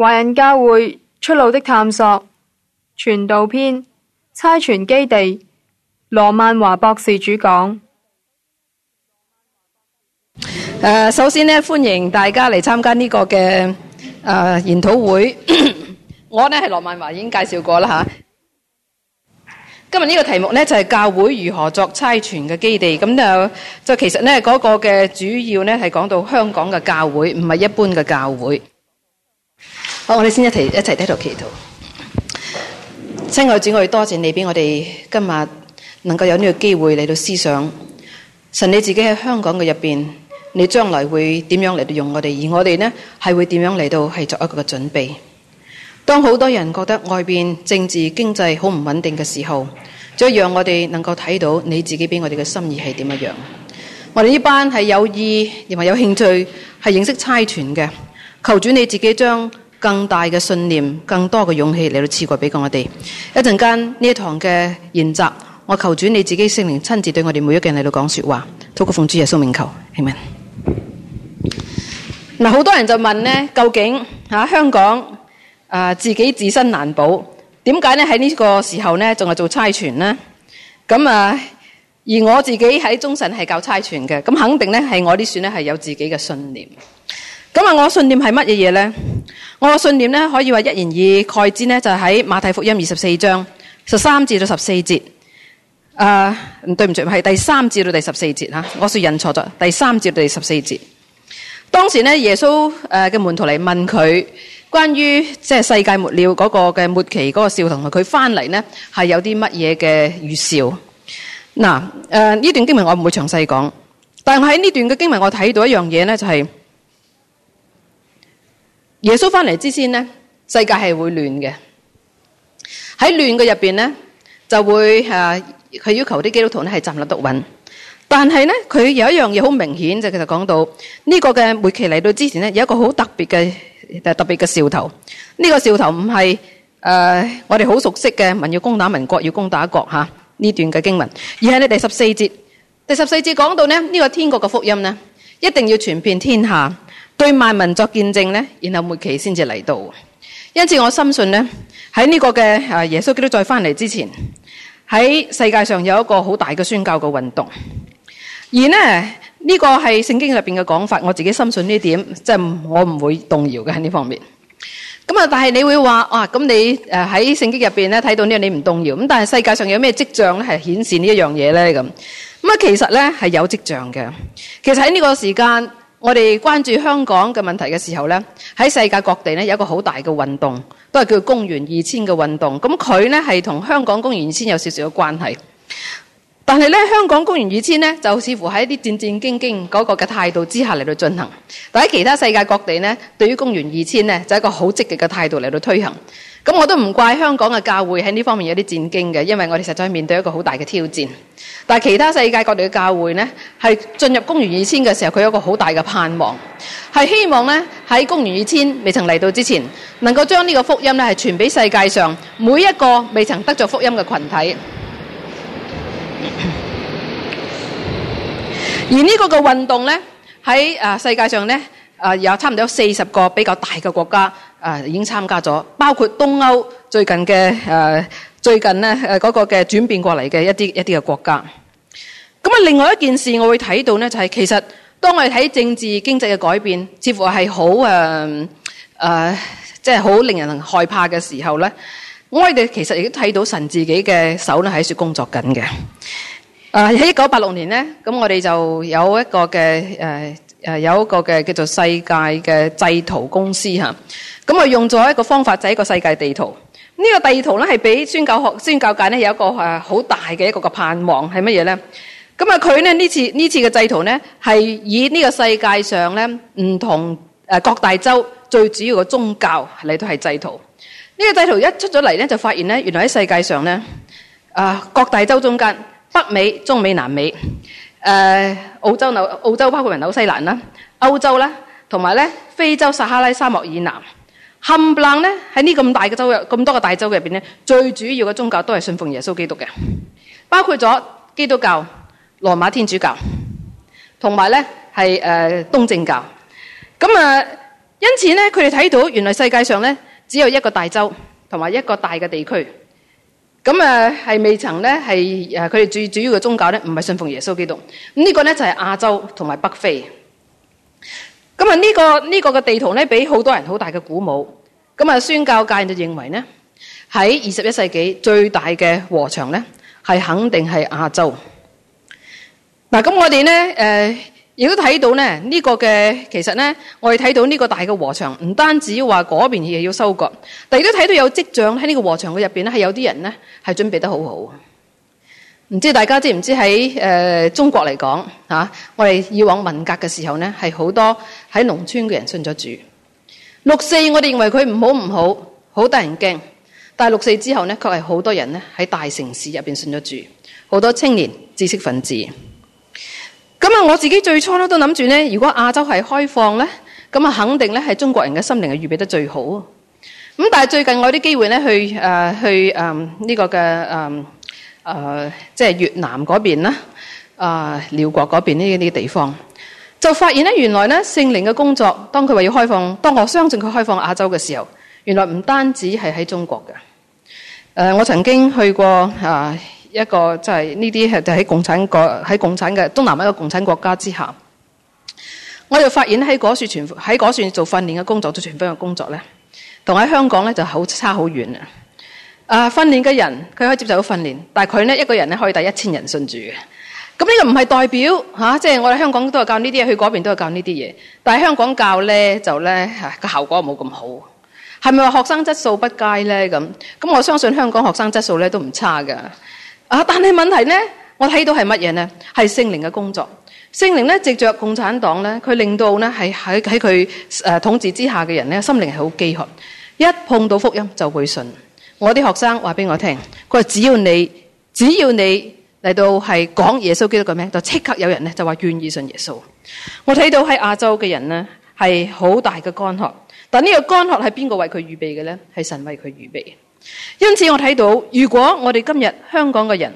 華人教會出路的探索，傳道篇，差傳基地，羅曼華博士主講。Uh, 首先咧，歡迎大家嚟參加呢個嘅、uh, 研討會。 我呢係羅曼華，已經介紹過啦吓。今日呢個題目呢，就係、是、教會如何作差傳嘅基地。咁就就其實呢嗰、那個嘅主要呢，係講到香港嘅教會，唔係一般嘅教會。.好，我哋先一齊一齊喺度祈禱。親愛的主，我要多謝你俾我哋今日能夠有呢個機會嚟到思想。神你自己喺香港嘅入邊，你將來會點樣嚟到用我哋？而我哋呢係會點樣嚟到係作一個嘅準備？當好多人覺得外邊政治經濟好唔穩定嘅時候，再讓我哋能夠睇到你自己俾我哋嘅心意係點樣？我哋呢班係有意亦或有，有興趣係認識差團嘅。求主你自己將更大嘅信念、更多嘅勇氣嚟到賜過俾過我哋。這一陣間呢堂嘅研習，我求主你自己聖靈親自對我哋每一個人嚟到講說話，透過奉主耶穌名求，阿明。嗱，好多人就問咧，究竟啊香港啊自己自身難保，點解咧喺呢個時候咧仲係做差傳呢？」咁啊，而我自己喺中神係教差傳嘅，咁肯定咧係我啲算咧係有自己嘅信念。咁我信念係乜嘢嘢咧？我嘅信念咧，可以話一言以概之咧，就喺馬太福音二十四章十三至到十四節。唔、呃、對唔住，係第三至到第十四節吓，我說印錯咗第三到第十四節。當時咧，耶穌誒嘅門徒嚟問佢關於即係世界末了嗰個嘅末期嗰個兆同佢翻嚟，咧係有啲乜嘢嘅預兆嗱？誒、呃，呢段經文我唔會詳細講，但係我喺呢段嘅經文我睇到一樣嘢咧，就係。耶穌翻嚟之前咧，世界係會亂嘅。喺亂嘅入邊咧，就會吓佢、啊、要求啲基督徒咧係站立得穩。但係咧，佢有一樣嘢好明顯，就其實講到呢、這個嘅末期嚟到之前咧，有一個好特別嘅、啊、特別嘅兆頭。呢、這個兆頭唔係誒我哋好熟悉嘅民要攻打民國要攻打國吓呢、啊、段嘅經文，而係咧第十四節。第十四節講到咧呢、這個天國嘅福音咧，一定要傳遍天下。對萬民作見證咧，然後末期先至嚟到。因此我深信咧，喺呢個嘅誒耶穌基督再翻嚟之前，喺世界上有一個好大嘅宣教嘅運動。而呢，呢個係聖經入邊嘅講法，我自己深信呢點，即係我唔會動搖嘅喺呢方面。咁啊，但係你會話啊，咁你誒喺聖經入邊咧睇到呢個你唔動搖，咁但係世界上有咩跡象咧係顯示這呢一樣嘢咧咁？咁啊，其實咧係有跡象嘅。其實喺呢個時間。我哋關注香港嘅問題嘅時候呢，喺世界各地呢，有一個好大嘅運動，都係叫公元二千嘅運動。咁佢呢係同香港公元二千有少少嘅關係，但係呢，香港公元二千呢，就似乎喺一啲戰戰兢兢嗰個嘅態度之下嚟到進行。但喺其他世界各地呢，對於公元二千呢，就係一個好積極嘅態度嚟到推行。咁我都唔怪香港嘅教會喺呢方面有啲戰兢嘅，因為我哋實在面對一個好大嘅挑戰。但係其他世界各地嘅教會咧，係進入公元二千嘅時候，佢有一個好大嘅盼望，係希望咧，喺公元二千未曾嚟到之前，能夠將呢個福音咧，係傳俾世界上每一個未曾得着福音嘅群體。而呢個嘅運動咧喺誒世界上咧誒有差唔多四十個比較大嘅國家。啊！已經參加咗，包括東歐最近嘅誒、啊，最近呢嗰個嘅轉變過嚟嘅一啲一啲嘅國家。咁啊，另外一件事，我會睇到呢，就係、是、其實當我哋睇政治經濟嘅改變，似乎係好誒即係好令人害怕嘅時候呢，我哋其實亦都睇到神自己嘅手咧喺處工作緊嘅。啊，喺一九八六年呢，咁我哋就有一個嘅誒、啊、有一個嘅叫做世界嘅製圖公司吓。咁啊，用咗一個方法就係、是、一個世界地圖。呢、這個地圖咧，係俾宣教學、宣教界咧有一個誒好大嘅一個盼望係乜嘢咧？咁啊，佢咧呢次呢次嘅製圖咧係以呢個世界上咧唔同誒各大洲最主要嘅宗教嚟到係製圖呢、這個製圖一出咗嚟咧，就發現咧原來喺世界上咧啊各大洲中間，北美、中美、南美、誒澳洲、紐澳洲包括人紐西蘭啦、歐洲啦，同埋咧非洲撒哈拉沙漠以南。冚唪唥咧喺呢咁大嘅洲入、咁多個大洲入邊咧，最主要嘅宗教都係信奉耶穌基督嘅，包括咗基督教、羅馬天主教，同埋咧係誒東正教。咁啊、呃，因此咧，佢哋睇到，原來世界上咧只有一個大洲同埋一個大嘅地區，咁啊係未曾咧係誒佢哋最主要嘅宗教咧唔係信奉耶穌基督。咁呢個咧就係、是、亞洲同埋北非。咁啊呢個呢、這個嘅地圖咧，俾好多人好大嘅鼓舞。咁、嗯、啊，宣教界就認為呢喺二十一世紀最大嘅禾場咧，係肯定係亞洲。嗱，咁我哋呢，誒、呃，亦都睇到呢、這個嘅，其實呢，我哋睇到呢個大嘅禾場，唔單止話嗰邊嘢要收割，但亦都睇到有迹象喺呢個禾場嘅入邊咧，係有啲人呢，係準備得好好。唔知大家知唔知喺誒、呃、中國嚟講、啊、我哋以往文革嘅時候呢，係好多。喺農村嘅人信咗主。六四我哋認為佢唔好唔好，好得人驚。但係六四之後呢，確係好多人呢喺大城市入邊信咗主，好多青年知識分子。咁啊，我自己最初咧都諗住呢如果亞洲係開放咧，咁啊，肯定咧係中國人嘅心靈係預備得最好。咁但係最近我啲機會咧去誒、呃、去誒呢、呃這個嘅誒、呃、即係越南嗰邊啦，啊、呃、寮國嗰邊呢啲地方。就發現咧，原來咧聖靈嘅工作，當佢話要開放，當我相信佢開放亞洲嘅時候，原來唔單止係喺中國嘅。誒、呃，我曾經去過啊、呃、一個、就是，這些就係呢啲係就喺共產國，喺共產嘅東南亞嘅共產國家之下，我就發現喺嗰處傳，喺嗰處做訓練嘅工作，做傳福音嘅工作咧，同喺香港咧就好差好遠啊！啊、呃，訓練嘅人，佢可以接受到訓練，但係佢呢，一個人咧可以帶一千人信主嘅。咁、這、呢個唔係代表嚇，即、啊、係、就是、我哋香港都係教呢啲嘢，去嗰邊都係教呢啲嘢。但係香港教咧就咧個、啊、效果冇咁好，係咪話學生質素不佳咧？咁咁我相信香港學生質素咧都唔差噶。啊，但係問題咧，我睇到係乜嘢咧？係聖靈嘅工作。聖靈咧藉着共產黨咧，佢令到咧係喺喺佢誒統治之下嘅人咧，心靈係好飢渴。一碰到福音就會信。我啲學生話俾我聽，佢話只要你只要你。只要你嚟到係講耶穌基督嘅名，就即刻有人咧就話願意信耶穌。我睇到喺亞洲嘅人咧係好大嘅乾渴，但呢個乾渴係邊個為佢預備嘅咧？係神為佢預備。因此我睇到，如果我哋今日香港嘅人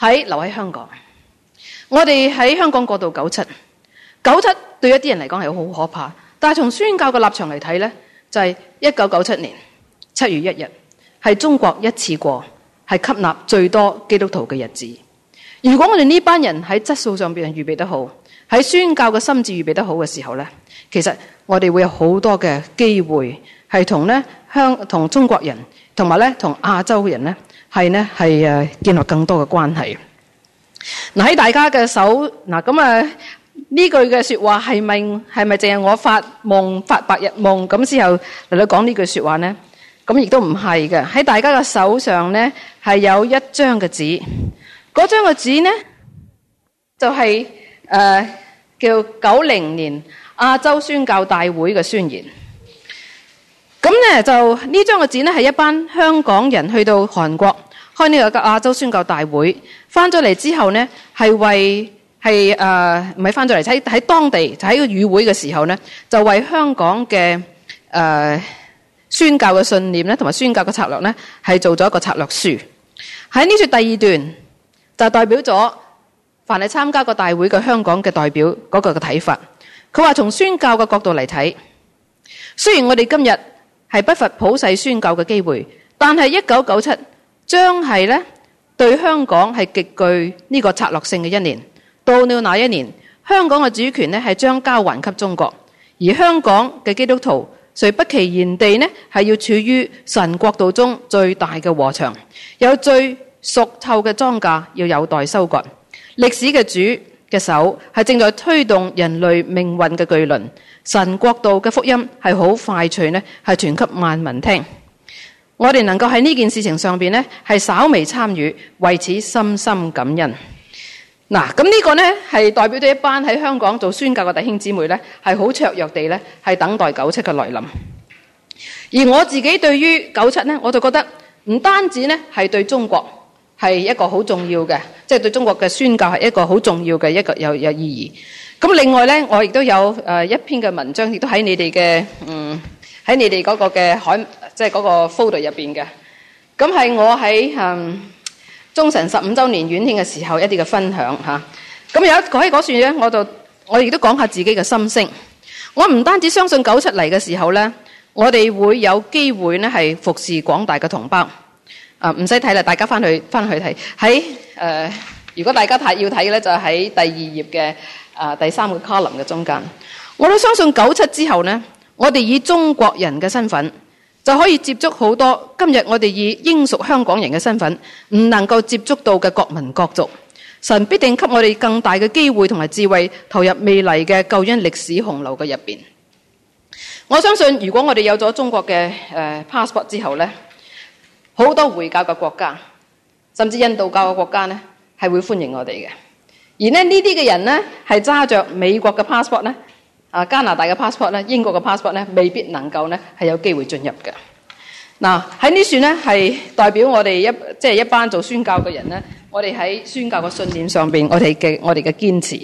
喺留喺香港，我哋喺香港過到九七，九七對一啲人嚟講係好可怕，但係從宣教嘅立場嚟睇咧，就係一九九七年七月一日係中國一次過。係吸納最多基督徒嘅日子。如果我哋呢班人喺質素上面預備得好，喺宣教嘅心智預備得好嘅時候呢，其實我哋會有好多嘅機會是，係同呢香同中國人，同埋呢同亞洲人呢係咧係誒建立更多嘅關係。嗱喺大家嘅手，嗱咁啊呢句嘅說話係咪係咪淨係我發夢發白日夢咁之後嚟到講呢句說話呢？咁亦都唔係嘅，喺大家嘅手上咧係有一張嘅紙，嗰張嘅紙咧就係、是、誒、呃、叫九零年亞洲宣教大會嘅宣言。咁咧就張呢張嘅紙咧係一班香港人去到韓國開呢個亞洲宣教大會，翻咗嚟之後咧係為係誒唔係翻咗嚟喺喺當地就喺個與會嘅時候咧就為香港嘅誒。呃宣教嘅信念咧，同埋宣教嘅策略咧，係做咗一個策略書。喺呢處第二段就代表咗凡係參加過大會嘅香港嘅代表嗰個嘅睇法。佢話從宣教嘅角度嚟睇，雖然我哋今日係不乏普世宣教嘅機會，但係一九九七將係咧，對香港係極具呢個策略性嘅一年。到了那一年，香港嘅主權咧係將交還給中國，而香港嘅基督徒。誰不其然地呢係要處於神國度中最大嘅禾場，有最熟透嘅莊稼要有待收割。歷史嘅主嘅手係正在推動人類命運嘅巨輪。神國度嘅福音係好快脆咧，係傳給萬民聽。我哋能夠喺呢件事情上邊咧，係稍微參與，為此深深感恩。嗱，咁呢個呢係代表咗一班喺香港做宣教嘅弟兄姊妹呢，係好卓弱地呢，係等待九七嘅來臨。而我自己對於九七呢，我就覺得唔單止呢係對中國係一個好重要嘅，即係對中國嘅宣教係一個好重要嘅一個有有，有意義。咁另外呢，我亦都有誒一篇嘅文章，亦都喺你哋嘅嗯喺你哋嗰個嘅海即係嗰個 folder 入邊嘅。咁係我喺嗯。中神十五周年院慶嘅時候一啲嘅分享嚇，咁、啊、有一講起嗰段嘢，我就我亦都講下自己嘅心聲。我唔單止相信九七嚟嘅時候咧，我哋會有機會咧，係服侍廣大嘅同胞。啊，唔使睇啦，大家翻去翻去睇。喺誒、呃，如果大家睇要睇嘅咧，就喺第二頁嘅、啊、第三個 column 嘅中間。我都相信九七之後呢，我哋以中國人嘅身份。就可以接觸好多今日我哋以英屬香港人嘅身份唔能夠接觸到嘅國民國族，神必定給我哋更大嘅機會同埋智慧，投入未來嘅救恩歷史洪流嘅入面。我相信如果我哋有咗中國嘅誒 passport 之後咧，好多回教嘅國家，甚至印度教嘅國家呢，係會歡迎我哋嘅。而呢呢啲嘅人呢，係揸着美國嘅 passport 呢。啊！加拿大嘅 passport 咧，英國嘅 passport 咧，未必能夠咧係有機會進入嘅。嗱，喺呢處咧係代表我哋一即係、就是、一班做宣教嘅人咧，我哋喺宣教嘅信念上面，我哋嘅我哋嘅堅持，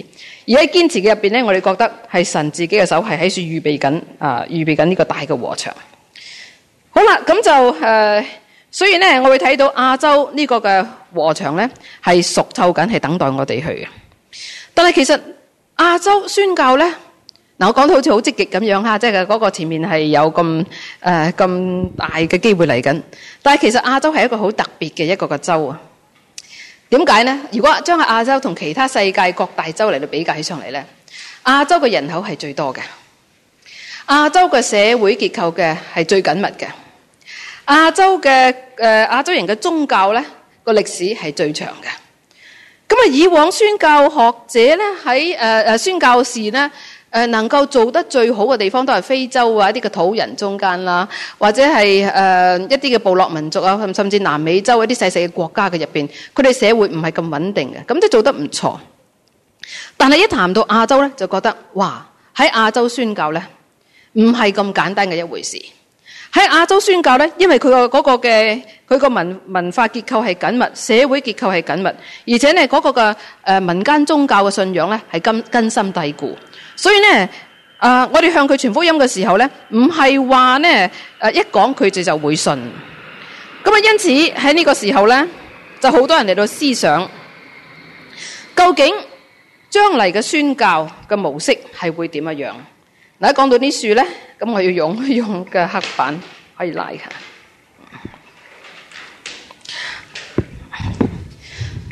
而喺堅持嘅入面咧，我哋覺得係神自己嘅手係喺處預備緊啊，預備緊呢個大嘅和場。好啦，咁就誒、呃，雖然咧，我會睇到亞洲呢個嘅和場咧係熟透緊，係等待我哋去嘅。但係其實亞洲宣教咧。嗱，我講到好似好積極咁樣嚇，即係嗰個前面係有咁誒咁大嘅機會嚟緊。但係其實亞洲係一個好特別嘅一個個洲啊。點解呢？如果將亞洲同其他世界各大洲嚟到比較起上嚟咧，亞洲嘅人口係最多嘅，亞洲嘅社會結構嘅係最緊密嘅，亞洲嘅誒亞洲人嘅宗教咧個歷史係最長嘅。咁啊，以往宣教學者咧喺誒誒宣教時呢。誒能夠做得最好嘅地方都係非洲啊，一啲嘅土人中間啦，或者係誒、呃、一啲嘅部落民族啊，甚甚至南美洲一啲細細嘅國家嘅入邊，佢哋社會唔係咁穩定嘅，咁都做得唔錯。但係一談到亞洲咧，就覺得哇喺亞洲宣教咧唔係咁簡單嘅一回事。喺亞洲宣教咧，因為佢個嗰個嘅佢個文文化結構係緊密，社會結構係緊密，而且呢，嗰、那個嘅誒、呃、民間宗教嘅信仰咧係根根深蒂固。所以呢，啊、呃，我哋向佢傳福音嘅時候咧，唔係話呢，誒、呃，一講佢哋就就會信。咁啊，因此喺呢個時候咧，就好多人嚟到思想，究竟將嚟嘅宣教嘅模式係會點樣樣？嗱，一講到呢樹咧，咁我要用用嘅黑板可以拉下。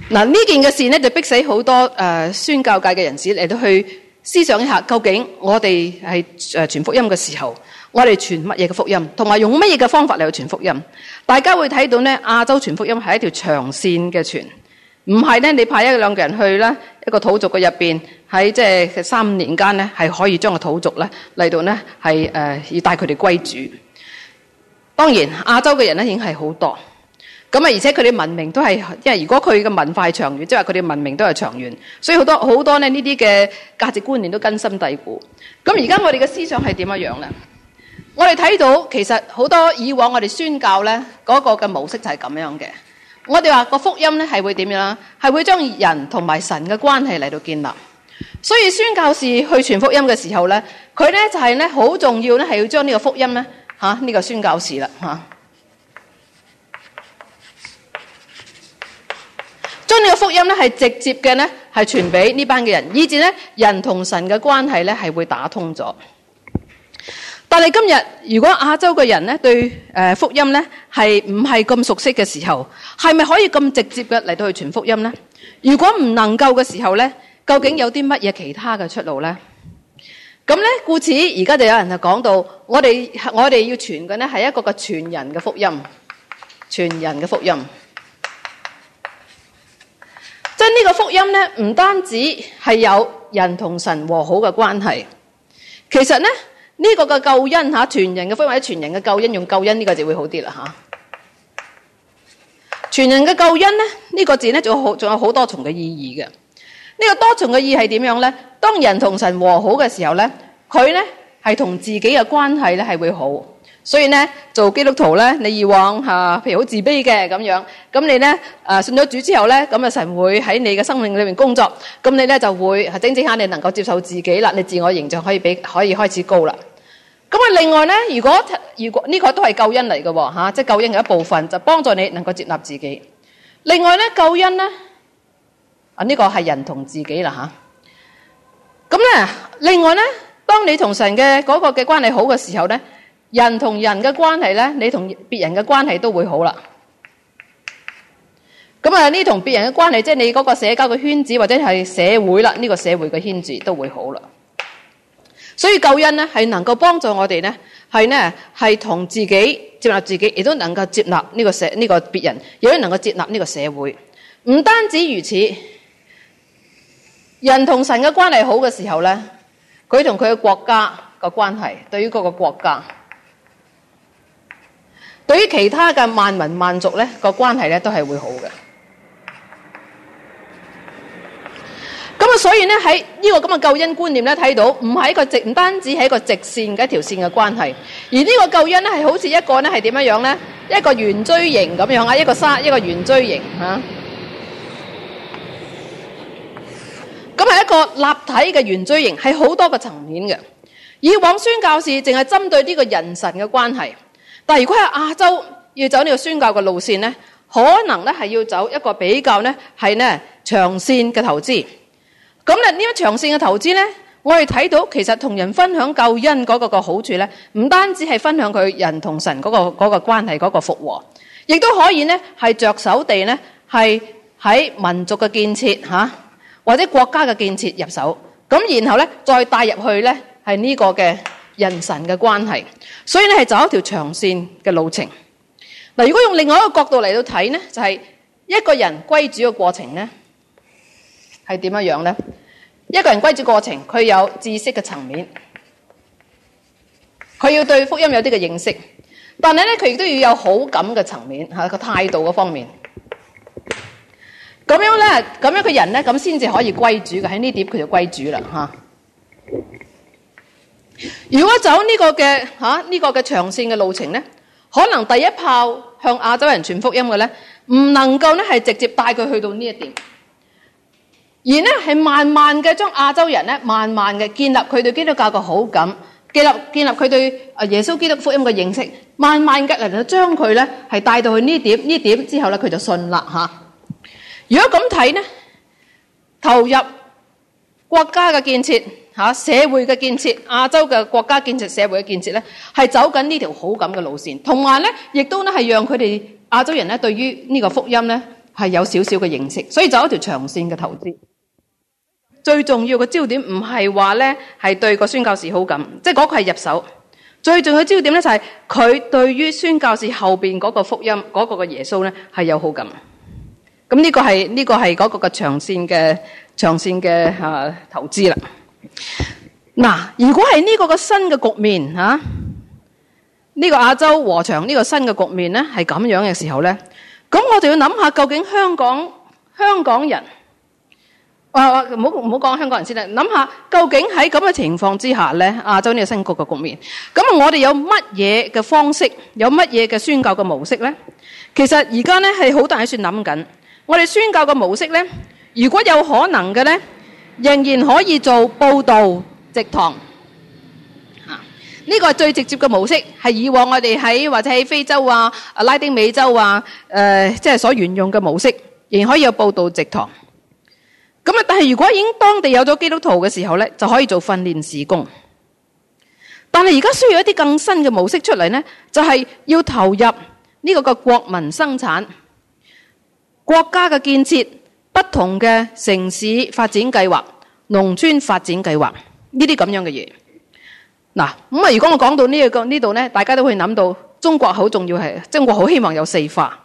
嗱，呢件嘅事呢，就逼死好多誒、呃、宣教界嘅人士嚟到去。思想一下，究竟我哋係誒傳福音嘅時候，我哋傳乜嘢嘅福音，同埋用乜嘢嘅方法嚟去傳福音？大家會睇到咧，亞洲傳福音係一條長線嘅傳，唔係咧你派一兩個人去啦，一個土族嘅入面，喺即係三五年間咧係可以將個土族咧嚟到咧係誒要帶佢哋歸主。當然亞洲嘅人咧已經係好多。咁啊！而且佢哋文明都係，因為如果佢嘅文化長遠，即係話佢哋文明都係長遠，所以好多好多咧呢啲嘅價值觀念都根深蒂固。咁而家我哋嘅思想係點樣樣咧？我哋睇到其實好多以往我哋宣教咧嗰個嘅模式就係咁樣嘅。我哋話個福音咧係會點樣啦？係會將人同埋神嘅關係嚟到建立。所以宣教士去傳福音嘅時候咧，佢咧就係咧好重要咧，係要將呢個福音咧吓呢個宣教士啦吓。將呢個福音咧係直接嘅呢係傳俾呢班嘅人，以至咧人同神嘅關係咧係會打通咗。但係今日如果亞洲嘅人咧對誒福音咧係唔係咁熟悉嘅時候，係咪可以咁直接嘅嚟到去傳福音呢？如果唔能夠嘅時候咧，究竟有啲乜嘢其他嘅出路呢？咁咧，故此而家就有人就講到，我哋我哋要傳嘅呢係一個嘅傳人嘅福音，傳人嘅福音。即係呢個福音咧，唔單止係有人同神和好嘅關係，其實咧呢、這個嘅救恩吓，全人嘅福音或者全人嘅救恩用救恩呢個字會好啲啦吓。全、啊、人嘅救恩咧，呢、這個字咧仲有好，仲有好多重嘅意義嘅。呢、這個多重嘅意義係點樣咧？當人同神和好嘅時候咧，佢咧係同自己嘅關係咧係會好。所以咧，做基督徒咧，你以往吓，譬如好自卑嘅咁樣，咁你咧，誒信咗主之後咧，咁啊神會喺你嘅生命裏面工作，咁你咧就會係整整下，你能夠接受自己啦，你自我形象可以比可以開始高啦。咁啊，另外咧，如果如果呢個都係救恩嚟嘅吓，即係救恩嘅一部分，就幫助你能夠接納自己。另外咧，救恩咧啊呢個係人同自己啦吓。咁咧，另外咧，當你同神嘅嗰個嘅關係好嘅時候咧，人同人嘅關係咧，你同別人嘅關係都會好啦。咁啊，呢同別人嘅關係，即係你嗰個社交嘅圈子或者係社會啦，呢個社會嘅圈子都會好啦。所以救恩咧係能夠幫助我哋咧，係呢，係同自己接納自己，亦都能夠接納呢個社呢個別人，亦都能夠接納呢個社會。唔單止如此，人同神嘅關係好嘅時候咧，佢同佢嘅國家嘅關係，對於嗰個國家。對於其他嘅萬民萬族呢，這個關係呢，都係會好嘅。咁啊，所以呢，喺呢個咁嘅救恩觀念呢，睇到唔係一個直，唔單止係一個直線嘅一條線嘅關係，而呢個救恩呢，係好似一個呢，係點樣樣呢？一個圓錐形咁樣啊，一個沙，一個圓錐形啊。咁係一個立體嘅圓錐形，係好多個層面嘅。以往宣教士淨係針對呢個人神嘅關係。但如果喺亞洲要走呢個宣教嘅路線咧，可能咧係要走一個比較咧係呢長線嘅投資。咁咧呢一長線嘅投資咧，我哋睇到其實同人分享救恩嗰個嘅好處咧，唔單止係分享佢人同神嗰個嗰個關係嗰個復和，亦都可以咧係着手地咧係喺民族嘅建設嚇，或者國家嘅建設入手。咁然後咧再帶入去咧係呢個嘅。人神嘅關係，所以咧係走一條長線嘅路程。嗱，如果用另外一個角度嚟到睇呢，就係一個人歸主嘅過程呢係點樣樣呢？一個人歸主的過程，佢有知識嘅層面，佢要對福音有啲嘅認識，但係呢，佢亦都要有好感嘅層面吓，個態度嘅方面。咁樣呢，咁樣嘅人呢，咁先至可以歸主嘅喺呢點，佢就歸主啦吓。如果走呢個嘅吓呢個嘅長線嘅路程咧，可能第一炮向亞洲人傳福音嘅咧，唔能夠咧係直接帶佢去到呢一點，而咧係慢慢嘅將亞洲人咧慢慢嘅建立佢對基督教嘅好感，建立建立佢對誒耶穌基督福音嘅認識，慢慢嘅嚟到將佢咧係帶到去呢點，呢點之後咧佢就信啦吓，啊。如果咁睇咧，投入。國家嘅建設嚇、啊，社會嘅建設，亞洲嘅國家建設、社會嘅建設咧，係走緊呢條好感嘅路線。同埋咧，亦都咧係讓佢哋亞洲人咧對於呢個福音咧係有少少嘅認識。所以走一條長線嘅投資。最重要嘅焦點唔係話咧係對個宣教士好感，即係嗰個係入手。最重要嘅焦點咧就係佢對於宣教士後邊嗰個福音嗰、嗰個嘅耶穌咧係有好感。咁呢個係呢、呢個係嗰個嘅長線嘅。長線嘅吓、啊、投資啦。嗱、啊，如果係呢個個新嘅局面吓，呢、啊呢個亞洲和長呢個新嘅局面咧，係咁樣嘅時候咧，咁我哋要諗下究竟香港香港人，啊唔好唔好講香港人先啦，諗下究竟喺咁嘅情況之下咧，亞洲呢個新局嘅局面，咁我哋有乜嘢嘅方式，有乜嘢嘅宣教嘅模式咧？其實而家咧係好多人喺度，諗緊，我哋宣教嘅模式咧。如果有可能嘅呢，仍然可以做佈道植堂啊！呢、這個係最直接嘅模式，係以往我哋喺或者喺非洲啊、拉丁美洲啊、誒、呃，即、就、係、是、所沿用嘅模式，仍然可以有佈道植堂。咁啊，但係如果已經當地有咗基督徒嘅時候呢，就可以做訓練事工。但係而家需要一啲更新嘅模式出嚟呢，就係、是、要投入呢個嘅國民生產、國家嘅建設。不同嘅城市發展計劃、農村發展計劃呢啲咁樣嘅嘢，嗱咁啊！如果我講到呢個呢度呢，大家都會諗到中國好重要係，即係我好希望有四化。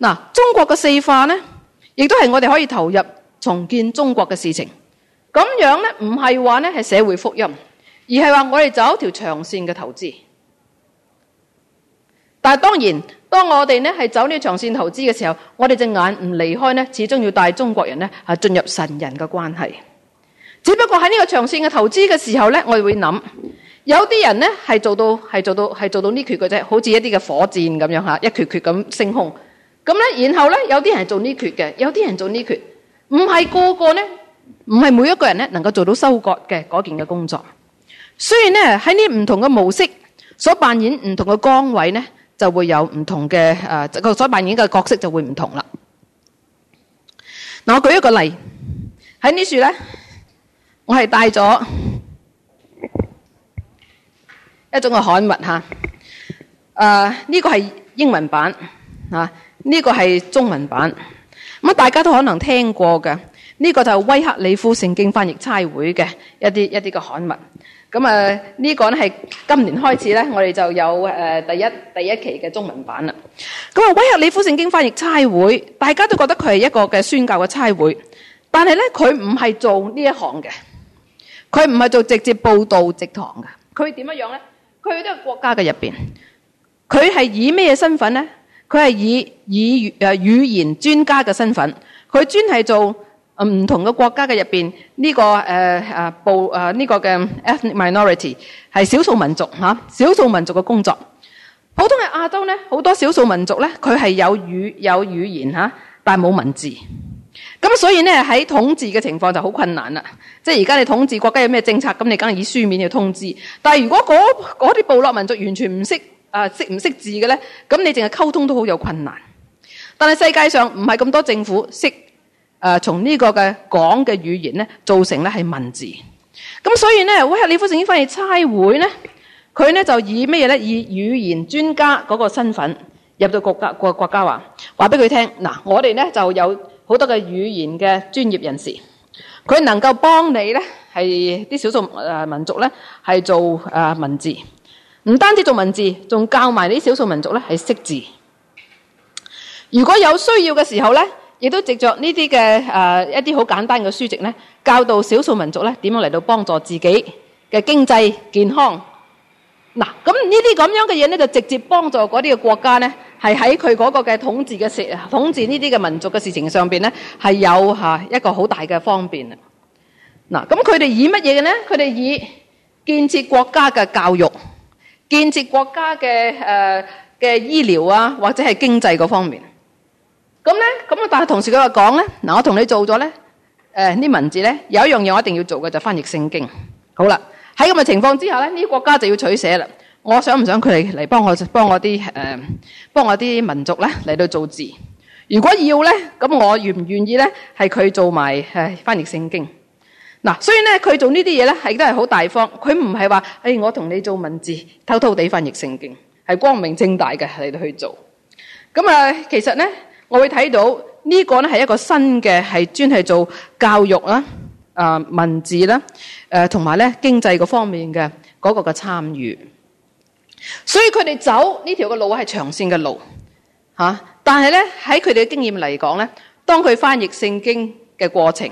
嗱，中國嘅四化呢，亦都係我哋可以投入重建中國嘅事情。咁樣呢，唔係話呢係社會福音，而係話我哋走一條長線嘅投資。但係當然，當我哋咧係走呢長線投資嘅時候，我哋隻眼唔離開咧，始終要帶中國人咧啊進入神人嘅關係。只不過喺呢個長線嘅投資嘅時候咧，我哋會諗，有啲人咧係做到係做到係做到呢缺嘅啫，好似一啲嘅火箭咁樣吓，一缺缺咁升空。咁咧，然後咧有啲人係做呢缺嘅，有啲人做呢缺，唔係個個咧，唔係每一個人咧能夠做到收割嘅嗰件嘅工作。雖然咧喺呢唔同嘅模式所扮演唔同嘅崗位咧。就會有唔同嘅誒，佢、呃、所扮演嘅角色就會唔同啦。嗱、我舉一個例喺呢處呢，我係帶咗一種嘅刊物。嚇、啊，呢、這個係英文版呢、啊，這個係中文版，咁、啊、大家都可能聽過嘅。呢個就係威克里夫聖經翻譯差會嘅一啲一啲嘅刊物。咁啊，呢個咧係今年開始咧，我哋就有誒第一第一期嘅中文版啦。咁啊，威克里夫聖經翻譯差會，大家都覺得佢係一個嘅宣教嘅差會，但係咧佢唔係做呢一行嘅，佢唔係做直接報道植堂嘅。佢點樣咧？佢喺啲國家嘅入邊，佢係以咩身份咧？佢係以以誒語、呃、語言專家嘅身份，佢專係做。唔同嘅國家嘅入面，呢、呢個誒誒部誒呢個嘅 ethnic minority 係少數民族嚇，少數民族嘅工作。普通嘅亞洲咧，好多少數民族咧，佢係有語有語言、啊、但係冇文字。咁所以咧喺統治嘅情況就好困難啦。即係而家你統治國家有咩政策，咁你梗係以書面去通知。但係如果嗰嗰啲部落民族完全唔識誒識唔識字嘅咧，咁你淨係溝通都好有困難。但係世界上唔係咁多政府識。誒、呃，從呢個嘅講嘅語言咧，造成咧係文字。咁、嗯、所以咧，威克利夫聖經翻譯差會咧，佢咧就以咩嘢咧？以語言專家嗰個身份入到國家個國家話話俾佢聽。嗱，我哋咧就有好多嘅語言嘅專業人士，佢能夠幫你咧係啲少數民族咧係做誒、呃、文字，唔單止做文字，仲教埋啲少數民族咧係識字。如果有需要嘅時候咧。亦都藉着呢啲嘅誒一啲好簡單嘅書籍咧，教導少數民族咧點樣嚟到幫助自己嘅經濟健康。嗱，咁呢啲咁樣嘅嘢咧，就直接幫助嗰啲嘅國家咧，係喺佢嗰個嘅統治嘅事、統治呢啲嘅民族嘅事情上面呢，咧，係有嚇一個好大嘅方便啊！嗱，咁佢哋以乜嘢嘅咧？佢哋以建設國家嘅教育、建設國家嘅誒嘅醫療啊，或者係經濟嗰方面。咁咧，咁啊，但係同時佢話講咧，嗱，我同你做咗咧，誒、呃，啲文字咧，有一樣嘢我一定要做嘅就是、翻譯聖經。好啦，喺咁嘅情況之下咧，呢啲國家就要取寫啦取捨。我想唔想佢哋嚟幫我幫我啲誒幫我啲民族咧嚟到做字？如果要咧，咁我願唔願意咧？係佢做埋誒、呃、翻譯聖經嗱。所以咧，佢做呢啲嘢咧係都係好大方，佢唔係話誒我同你做文字，偷偷地翻譯聖經，係光明正大嘅嚟到去做。咁、嗯、啊、呃，其實咧。我會睇到呢，這個呢係一個新嘅，係專係做教育啦，誒、呃、文字啦，誒同埋咧經濟方面嘅嗰，那個嘅參與。所以佢哋走呢條嘅路係長線嘅路吓，啊，但係呢，喺佢哋嘅經驗嚟講呢，當佢翻譯聖經嘅過程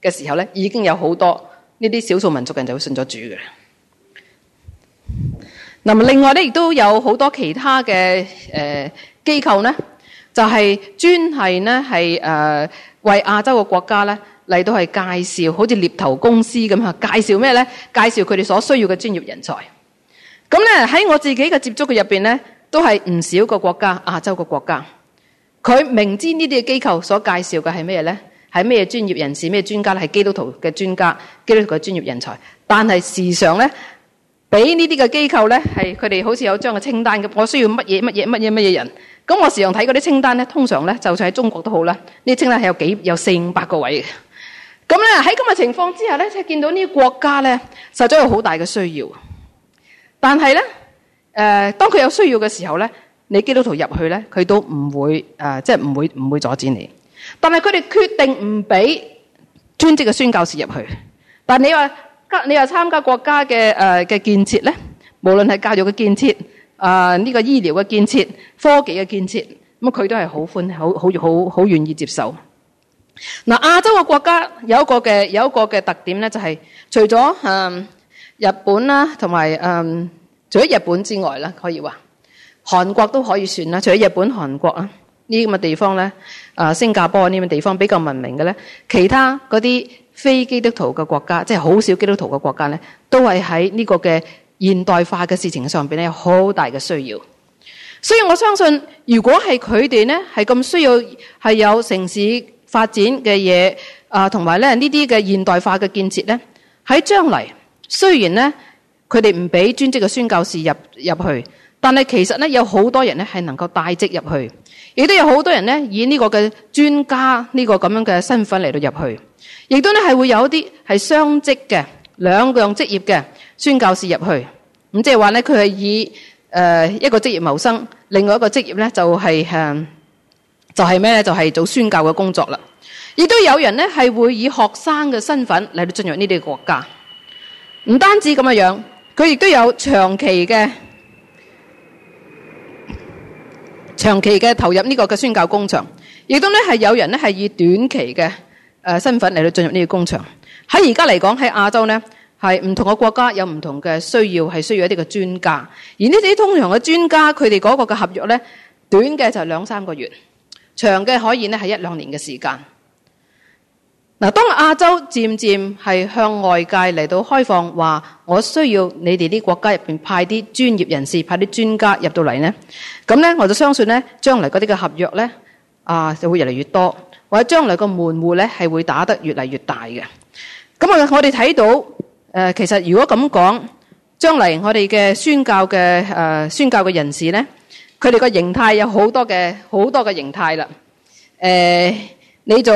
嘅時候呢，已經有好多呢啲少數民族人就會信咗主嘅。嗱，另外呢，亦都有好多其他嘅誒、呃、機構呢就係、是、專係呢，係誒為亞洲嘅國家呢嚟到係介紹，好似獵頭公司咁嚇介紹咩呢？介紹佢哋所需要嘅專業人才。咁呢，喺我自己嘅接觸嘅入邊呢，都係唔少個國家亞洲嘅國家。佢明知呢啲嘅機構所介紹嘅係咩呢？係咩專業人士咩專家呢？係基督徒嘅專家，基督徒嘅專業人才，但係事實上呢，俾呢啲嘅機構咧，係佢哋好似有張嘅清單咁，我需要乜嘢乜嘢乜嘢乜嘢人。咁我時常睇嗰啲清單咧，通常咧，就算喺中國都好啦，呢清單係有幾有四五百個位嘅。咁咧喺咁嘅情況之下咧，即係見到呢啲國家咧，實在有好大嘅需要。但係咧，誒、呃，當佢有需要嘅時候咧，你基督徒入去咧，佢都唔會誒，即係唔會唔會阻止你。但係佢哋決定唔俾專職嘅宣教士入去。但你話？你又參加國家嘅誒嘅建設咧，無論係教育嘅建設、啊、呃、呢、這個醫療嘅建設、科技嘅建設，咁、呃、佢都係好歡好好好好願意接受。嗱、呃，亞洲嘅國家有一個嘅有一個嘅特點咧，就係、是、除咗誒、呃、日本啦、啊，同埋誒除咗日本之外啦，可以話韓國都可以算啦，除咗日本、韓國啊呢啲咁嘅地方咧，啊、呃、新加坡呢啲咁嘅地方比較文明嘅咧，其他嗰啲，非基督徒嘅國家，即係好少基督徒嘅國家呢，都係喺呢個嘅現代化嘅事情上面呢有好大嘅需要。所以我相信，如果係佢哋呢，係咁需要係有城市發展嘅嘢啊，同埋咧呢啲嘅現代化嘅建設呢，喺將來，雖然呢，佢哋唔俾專職嘅宣教士入入去，但係其實呢，有好多人呢係能夠帶職入去，亦都有好多人呢，以呢個嘅專家呢個咁樣嘅身份嚟到入去。亦都咧係會有一啲係雙職嘅兩個職業嘅宣教士入去，咁即係話咧佢係以誒、呃、一個職業謀生，另外一個職業咧就係、是、誒、呃、就係咩咧就係、是、做宣教嘅工作啦。亦都有人咧係會以學生嘅身份嚟到進入呢啲國家，唔單止咁嘅樣，佢亦都有長期嘅長期嘅投入呢個嘅宣教工場。亦都咧係有人咧係以短期嘅。誒身份嚟到進入呢個工場，喺而家嚟講喺亞洲呢，係唔同嘅國家有唔同嘅需要，係需要一啲嘅專家。而呢啲通常嘅專家，佢哋嗰個嘅合約呢，短嘅就兩三個月，長嘅可以呢係一兩年嘅時間。嗱，當亞洲漸漸係向外界嚟到開放，話我需要你哋啲國家入邊派啲專業人士、派啲專家入到嚟呢。咁呢，我就相信呢，將來嗰啲嘅合約呢，啊就會越嚟越多。或者將來個門戶咧係會打得越嚟越大嘅。咁啊，我哋睇到誒，其實如果咁講，將來我哋嘅宣教嘅誒、呃、宣教嘅人士咧，佢哋個形態有好多嘅好多嘅形態啦。誒、呃，你做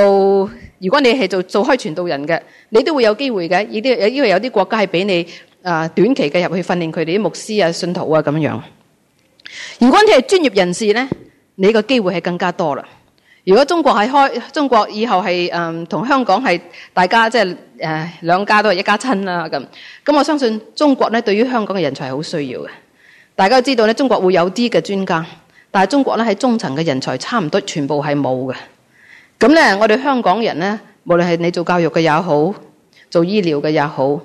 如果你係做做開傳道人嘅，你都會有機會嘅。因為有啲國家係俾你啊、呃、短期嘅入去訓練佢哋啲牧師啊、信徒啊咁樣。如果你係專業人士咧，你個機會係更加多啦。如果中國係開中國以後係誒，同香港係大家即係誒，兩家都係一家親啦，咁，咁我相信中國咧對於香港嘅人才係好需要嘅。大家都知道咧，中國會有啲嘅專家，但係中國咧喺中層嘅人才差唔多全部係冇嘅。咁咧，我哋香港人咧，無論係你做教育嘅也好，做醫療嘅也好，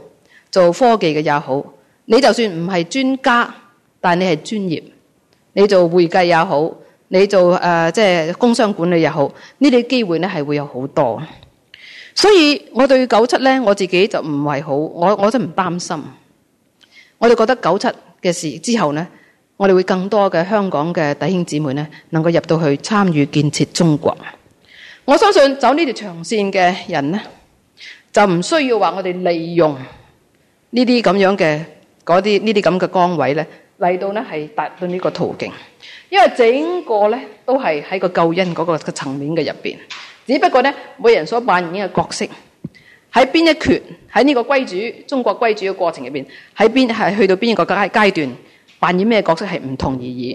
做科技嘅也好，你就算唔係專家，但係你係專業，你做會計也好。你做誒即係工商管理又好，呢啲機會咧係會有好多。所以我對九七咧，我自己就唔係好，我我真係唔擔心。我哋覺得九七嘅事之後咧，我哋會更多嘅香港嘅弟兄姊妹咧，能夠入到去參與建設中國。我相信走呢條長線嘅人咧，就唔需要話我哋利用呢啲咁樣嘅嗰啲呢啲咁嘅崗位咧。嚟到咧係達到呢個途徑，因為整個咧都係喺個救恩嗰個嘅層面嘅入邊，只不過咧每人所扮演嘅角色喺邊一缺，喺呢個歸主中國歸主嘅過程入面，喺邊係去到邊一個階段扮演咩角色係唔同而已。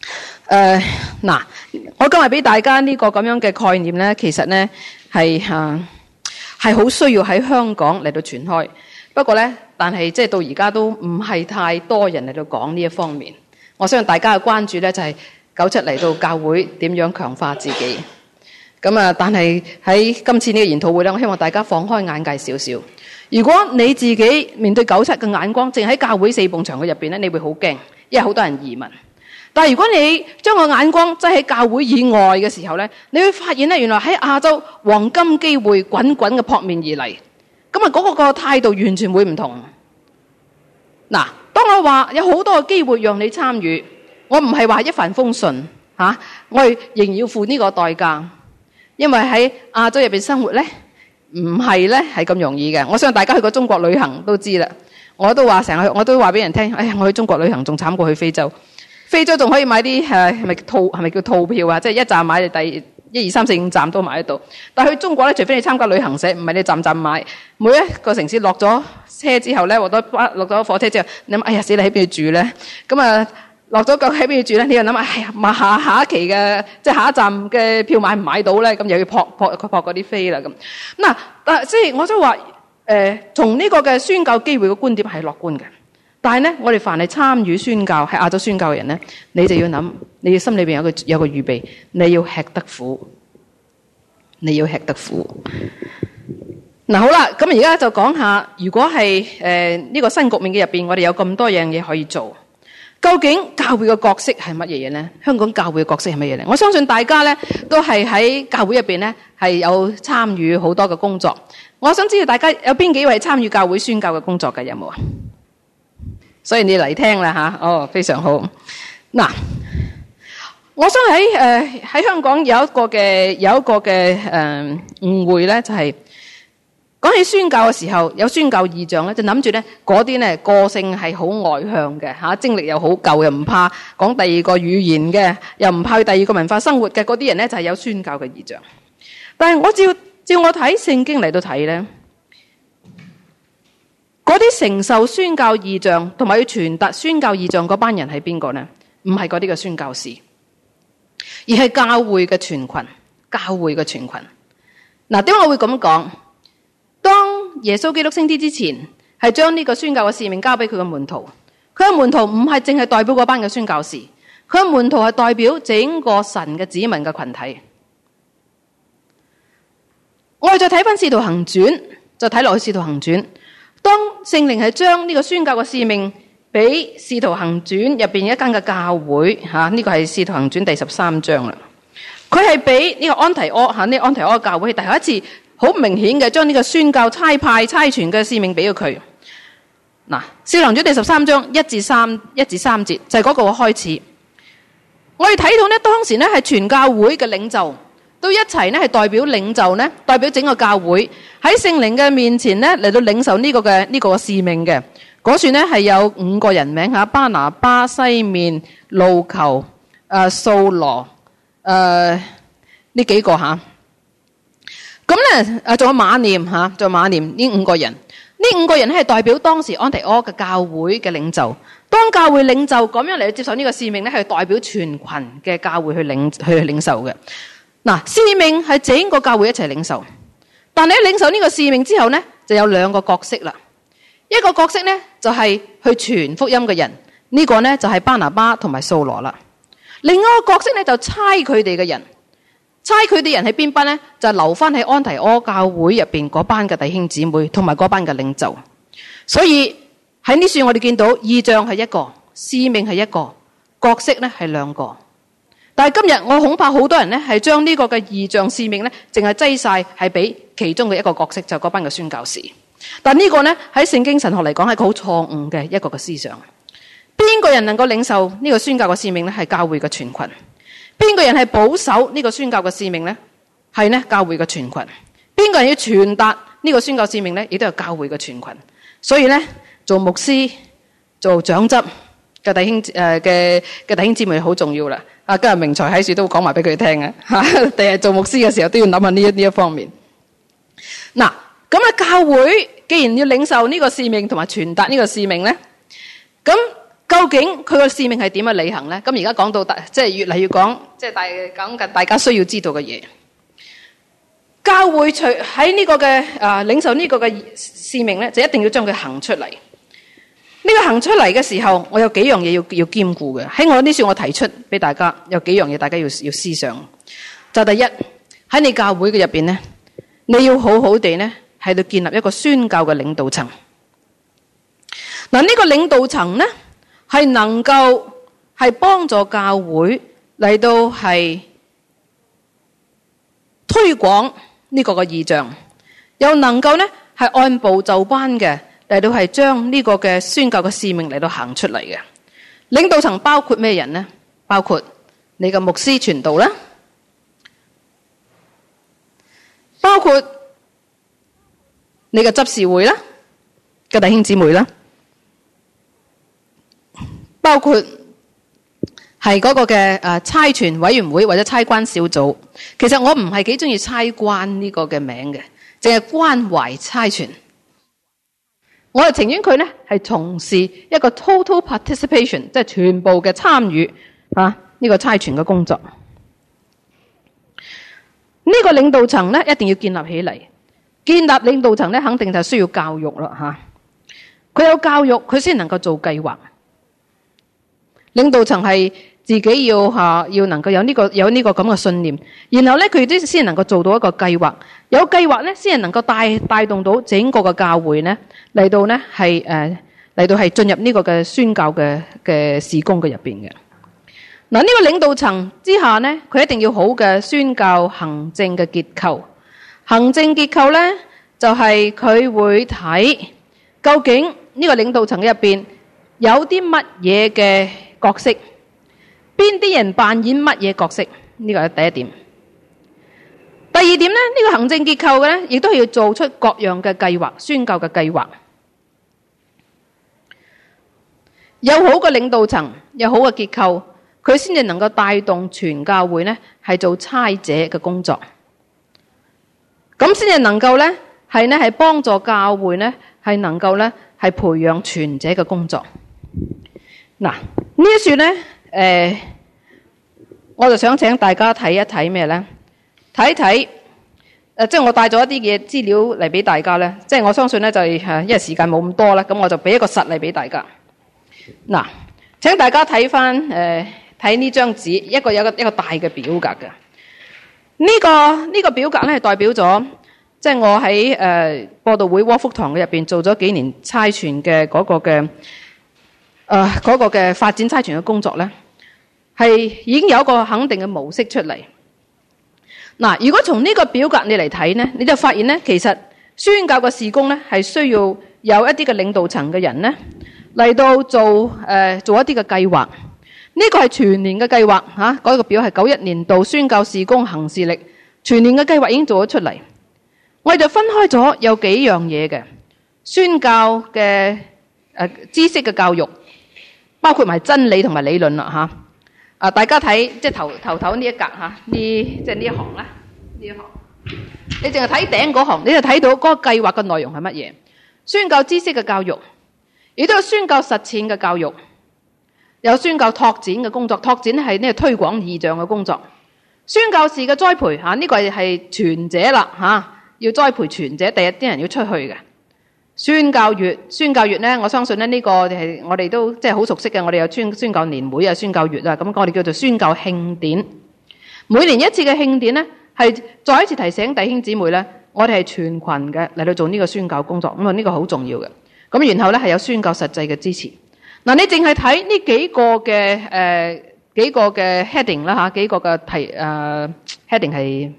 誒、呃、嗱，我今日俾大家呢個咁樣嘅概念咧，其實咧係嚇係好需要喺香港嚟到傳開。不過呢，但係即係到而家都唔係太多人嚟到講呢一方面。我相信大家嘅關注呢、就是，就係九七嚟到教會點樣強化自己。咁啊，但係喺今次呢個研討會呢，我希望大家放開眼界少少。如果你自己面對九七嘅眼光，淨喺教會四埲牆嘅入邊呢，你會好驚，因為好多人移民。但係如果你將個眼光即喺教會以外嘅時候呢，你會發現呢，原來喺亞洲黃金機會滾滾嘅撲面而嚟。咁啊！嗰個個態度完全會唔同。嗱，當我話有好多個機會讓你參與，我唔係話一帆風順嚇，我係仍要付呢個代價，因為喺亞洲入邊生活咧，唔係咧係咁容易嘅。我相信大家去過中國旅行都知啦。我都話成日，我都話俾人聽，哎呀，我去中國旅行仲慘過去非洲，非洲仲可以買啲誒係咪套係咪叫套票啊？即係一站買你第。一二三四五站都買得到，但係去中國咧，除非你參加旅行社，唔係你站站買。每一個城市落咗車之後咧，或者落咗火車之後，你諗，哎呀死啦，喺邊度住咧？咁啊落咗腳喺邊度住咧？你又諗啊，下下一期嘅即係下一站嘅票買唔買到咧？咁又要撲撲撲撲嗰啲飛啦咁。嗱，即係我就話誒，從呢個嘅宣教機會嘅觀點係樂觀嘅。但係咧，我哋凡係參與宣教、係亞洲宣教嘅人咧，你就要諗，你嘅心裏面有個有個預備，你要吃得苦，你要吃得苦。嗱、啊，好啦，咁而家就講下，如果係誒呢個新局面嘅入面，我哋有咁多樣嘢可以做，究竟教會嘅角色係乜嘢嘢咧？香港教會嘅角色係乜嘢咧？我相信大家咧都係喺教會入面咧係有參與好多嘅工作。我想知道大家有邊幾位參與教會宣教嘅工作嘅有冇啊？所以你嚟聽啦吓，哦，非常好。嗱，我想喺誒喺香港有一個嘅有一個嘅誒誤會咧、就是，就係講起宣教嘅時候有宣教異象咧，就諗住咧嗰啲咧個性係好外向嘅吓，精力又好夠，又唔怕講第二個語言嘅，又唔怕去第二個文化生活嘅嗰啲人咧，就係有宣教嘅異象。但係我照照我睇聖經嚟到睇咧。嗰啲承受宣教異象同埋要傳達宣教異象嗰班人係邊個呢？唔係嗰啲嘅宣教士，而係教會嘅全群，教會嘅全群。嗱，點解我會咁講？當耶穌基督升天之前，係將呢個宣教嘅使命交俾佢嘅門徒。佢嘅門徒唔係淨係代表嗰班嘅宣教士，佢嘅門徒係代表整個神嘅子民嘅群體。我哋再睇翻使徒行傳，就睇落去使徒行傳。當聖靈係將呢個宣教嘅使命俾《使徒行傳》入邊一間嘅教會，吓、這、呢個係《使徒行傳》第十三章啦。佢係俾呢個安提阿吓，呢安提阿教會，第一次好明顯嘅將呢個宣教差派差傳嘅使命俾咗佢。嗱，《使徒行傳》第十三章一至三一至三節就係、是、嗰個開始。我哋睇到呢，當時呢係全教會嘅領袖都一齊呢係代表領袖呢代表整個教會。喺聖靈嘅面前咧，嚟到領受呢個嘅呢、這個的使命嘅，嗰串咧係有五個人名吓：巴拿巴、西面、路求、呃呃、啊、掃羅、誒呢幾個吓。咁咧，誒仲有馬念吓，仲、啊、有馬念呢五個人，呢五個人咧係代表當時安提阿嘅教會嘅領袖。當教會領袖咁樣嚟接受呢個使命咧，係代表全群嘅教會去領去領受嘅。嗱、啊，使命係整個教會一齊領受。但你喺領受呢個使命之後呢，就有兩個角色啦。一個角色呢，就係、是、去傳福音嘅人，呢、這個呢，就係、是、巴拿巴同埋掃羅啦。另外一個角色呢，就是、差佢哋嘅人，差佢哋人喺邊班呢？就留翻喺安提阿教會入邊嗰班嘅弟兄姊妹同埋嗰班嘅領袖。所以喺呢處我哋見到異象係一個，使命係一個，角色呢係兩個。但係今日我恐怕好多人咧，係將呢個嘅異象使命咧，淨係擠晒係俾其中嘅一個角色，就嗰班嘅宣教士。但呢個咧喺聖經神學嚟講係一個好錯誤嘅一個嘅思想。邊個人能夠領受呢個宣教嘅使命咧？係教會嘅全群。邊個人係保守呢個宣教嘅使命咧？係呢教會嘅全群。邊個人要傳達呢個宣教使命咧？亦都係教會嘅全群。所以咧，做牧師做長執，嘅弟兄誒嘅嘅弟兄姊妹好重要啦！啊今日明才喺處都講埋俾佢聽嘅吓，第日做牧師嘅時候都要諗下呢一呢一方面。嗱，咁啊教會既然要領受呢個使命同埋傳達呢個使命咧，咁究竟佢個使命係點樣履行咧？咁而家講到即係、就是、越嚟越講，即係大講緊大家需要知道嘅嘢，教會除喺呢個嘅誒、呃、領受呢個嘅使命咧，就一定要將佢行出嚟。呢、這個行出嚟嘅時候，我有幾樣嘢要要兼顧嘅。喺我呢次我提出俾大家，有幾樣嘢大家要要思想。就第一，喺你教會嘅入邊呢，你要好好地呢喺度建立一個宣教嘅領導層。嗱，呢個領導層呢，係能夠係幫助教會嚟到係推廣呢個嘅異象，又能夠呢係按部就班嘅。嚟到係將呢個嘅宣教嘅使命嚟到行出嚟嘅，領導層包括咩人呢？包括你嘅牧師傳道啦，包括你嘅執事會啦，嘅弟兄姊妹啦，包括係嗰個嘅誒差傳委員會或者差關小組。其實我唔係幾中意差關呢個嘅名嘅，淨係關懷差傳。我哋情願佢咧係從事一個 total participation，即係全部嘅參與嚇呢、啊呢個差傳嘅工作。呢、呢個領導層咧一定要建立起嚟，建立領導層咧肯定就係需要教育啦佢、啊、有教育，佢先能夠做計劃。領導層係。自己要嚇要能夠有呢個有呢個咁嘅信念，然後咧佢先能夠做到一個計劃，有計劃咧先係能夠帶帶動到整個嘅教會咧嚟到咧係誒嚟到係進入呢個嘅宣教嘅嘅事工嘅入面嘅。嗱，呢個領導層之下咧，佢一定要好嘅宣教行政嘅結構，行政結構咧就係佢會睇究竟呢個領導層入面有啲乜嘢嘅角色？邊啲人扮演乜嘢角色？呢個係第一點。第二點呢，呢個行政結構嘅咧，亦都係要做出各樣嘅計劃、宣教嘅計劃。有好嘅領導層，有好嘅結構，佢先至能夠帶動全教會呢係做差者嘅工作。咁先至能夠呢係咧係幫助教會呢係能夠呢係培養全者嘅工作。嗱，呢一串呢。誒、呃，我就想請大家睇一睇咩咧？睇一睇即係我帶咗一啲嘅資料嚟俾大家咧。即係我相信咧，就係、是、嚇，因為時間冇咁多啦，咁我就俾一個實例俾大家。嗱，請大家睇翻睇呢張紙，一個有一個有一個大嘅表格嘅。呢、這個呢、這個表格咧係代表咗，即係我喺誒播道會窩福堂嘅入面做咗幾年差傳嘅嗰個嘅嗰、呃那個嘅發展差傳嘅工作咧。係已經有一個肯定嘅模式出嚟。嗱，如果從呢個表格你嚟睇呢,你就發現呢，其實宣教嘅事工呢係需要有一啲嘅領導層嘅人呢嚟到做誒、呃、做一啲嘅計劃。呢、呢個係全年嘅計劃吓。嗰、啊，嗰個表係九一年度宣教事工行事曆，全年嘅計劃已經做咗出嚟。我哋就分開咗有幾樣嘢嘅宣教嘅、呃、知識嘅教育，包括埋真理同埋理論啦吓。啊啊！大家睇即係頭，頭頭頭呢一格吓，呢即係呢一行啦，呢一行，你淨係睇頂嗰行，你就睇到嗰個計劃嘅內容係乜嘢？宣教知識嘅教育，亦都有宣教實踐嘅教育，有宣教拓展嘅工作。拓展係呢個推廣異象嘅工作。宣教士嘅栽培吓，呢、這個係係傳者啦吓，要栽培傳者，第日啲人要出去嘅。宣教月，宣教月呢，我相信呢，呢個係我哋都即係好熟悉嘅，我哋有宣宣教年會啊，宣教月啊，咁我哋叫做宣教慶典。每年一次嘅慶典呢，係再一次提醒弟兄姊妹咧，我哋係全群嘅嚟到做呢個宣教工作，咁啊呢個好重要嘅。咁然後咧係有宣教實際嘅支持。嗱，你淨係睇呢幾個嘅誒幾個嘅 heading 啦吓，幾個嘅提誒 heading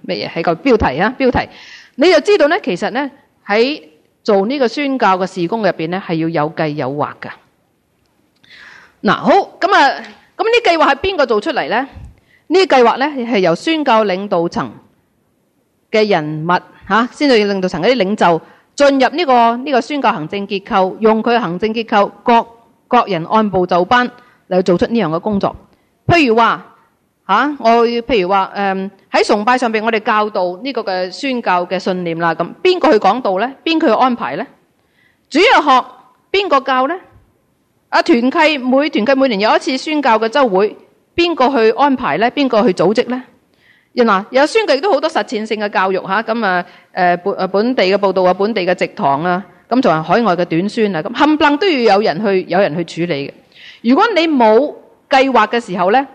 做呢個宣教嘅事工入邊咧，係要有計有劃噶。嗱、啊，好咁啊，咁呢計劃係邊個做出嚟咧？呢計劃咧係由宣教領導層嘅人物吓、啊，先至要領導層嗰啲領袖進入呢、呢個呢、呢個宣教行政結構，用佢行政結構，各各人按部就班嚟做出呢樣嘅工作。譬如話。嚇、啊！我譬如話誒，喺、嗯、崇拜上面，我哋教導呢個嘅宣教嘅信念啦。咁邊個去講道咧？邊個去安排咧？主要學邊個教咧？啊，團契每團契每年有一次宣教嘅週會，邊個去安排咧？邊個去組織咧？嗱、啊，有宣教亦都好多實踐性嘅教育嚇。咁啊，本本地嘅報道啊，本地嘅植堂啊，咁同埋海外嘅短宣啊，咁冚唪唥都要有人去，有人去處理嘅。如果你冇計劃嘅時候咧，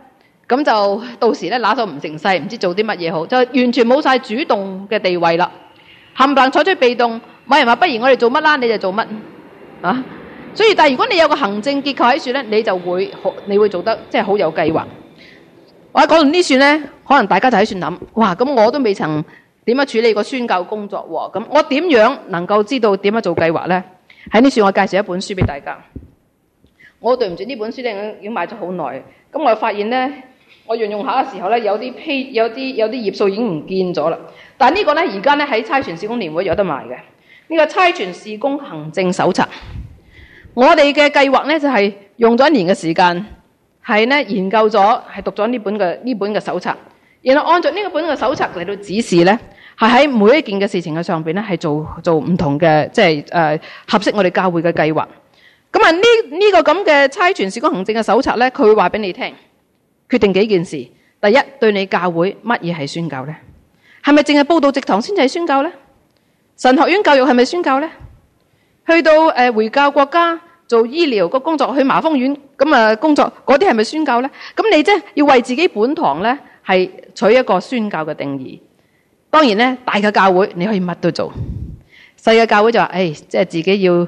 咁就到時咧，拿手唔成世，唔知做啲乜嘢好，就完全冇晒主動嘅地位啦，冚唪唥採取被動，冇人話，不如我哋做乜啦，你就做乜啊？所以但係如果你有個行政結構喺處咧，你就會好，你會做得即係好有計劃。我喺講完呢處咧，可能大家就喺處諗，哇！咁我都未曾點樣處理過宣教工作喎，咁我點樣能夠知道點樣做計劃咧？喺呢處我介紹一本書俾大家，我對唔住呢本書咧，已經買咗好耐，咁我發現咧。我用用下嘅時候咧，有啲批有啲有啲頁數已經唔見咗啦。但係呢個咧，而家咧喺差傳事工年會有得賣嘅。呢個差傳事工行政手冊，我哋嘅計劃咧就係用咗一年嘅時間，係咧研究咗，係讀咗呢本嘅呢本嘅手冊，然後按照呢個本嘅手冊嚟到指示咧，係喺每一件嘅事情嘅上邊咧，係做做唔同嘅，即係誒合適我哋教會嘅計劃。咁啊呢呢個咁嘅差傳事工行政嘅手冊咧，佢會話俾你聽。決定幾件事，第一對你教會乜嘢係宣教咧？係咪淨係佈道植堂先至係宣教咧？神學院教育係咪宣教咧？去到、呃、回教國家做醫療個工作，去麻風院咁啊、呃、工作嗰啲係咪宣教咧？咁你即係要為自己本堂咧係取一個宣教嘅定義。當然咧，大嘅教會你可以乜都做，細嘅教會就話誒、哎，即係自己要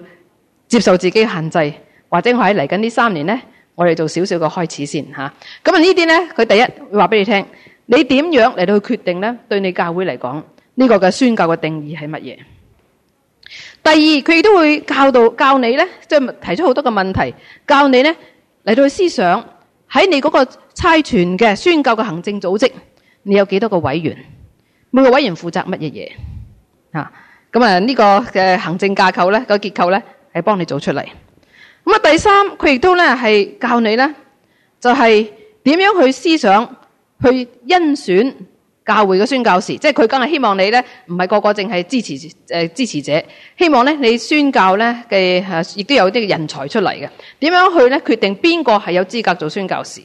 接受自己嘅限制，或者我喺嚟緊呢三年咧。我哋做少少嘅開始先嚇，咁啊呢啲咧，佢第一會話俾你聽，你點樣嚟到去決定咧？對你教會嚟講，呢個嘅宣教嘅定義係乜嘢？第二，佢亦都會教導教你咧，即係提出好多嘅問題，教你咧嚟到去思想喺你嗰個差傳嘅宣教嘅行政組織，你有幾多個委員？每個委員負責乜嘢嘢？啊，咁啊呢個嘅行政架構咧，個結構咧，係幫你做出嚟。第三，佢亦都咧係教你呢就係、是、點樣去思想去甄選教會嘅宣教士，即係，佢梗係希望你呢唔係個個淨係支持支持者，希望呢你宣教呢亦都有啲人才出嚟嘅，點樣去咧決定邊個係有資格做宣教士。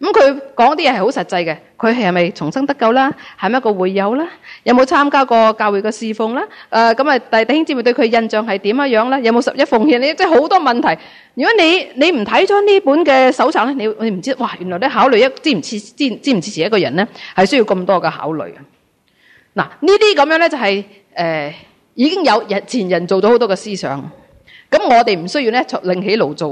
咁佢講啲嘢係好實際嘅，佢係係咪重生得救啦？係咪一個會友啦？有冇參加過教會嘅侍奉啦？誒、呃，咁啊，弟兄姊妹對佢印象係點啊樣咧？有冇十一奉獻咧？即係好多問題。如果你你唔睇咗呢本嘅手冊咧，你你唔知，哇！原來你考慮一知唔知知唔知支持一個人咧，係需要咁多嘅考慮啊！嗱、呃，呢啲咁樣咧就係、是、誒、呃，已經有人前人做咗好多嘅思想，咁我哋唔需要咧另起爐灶，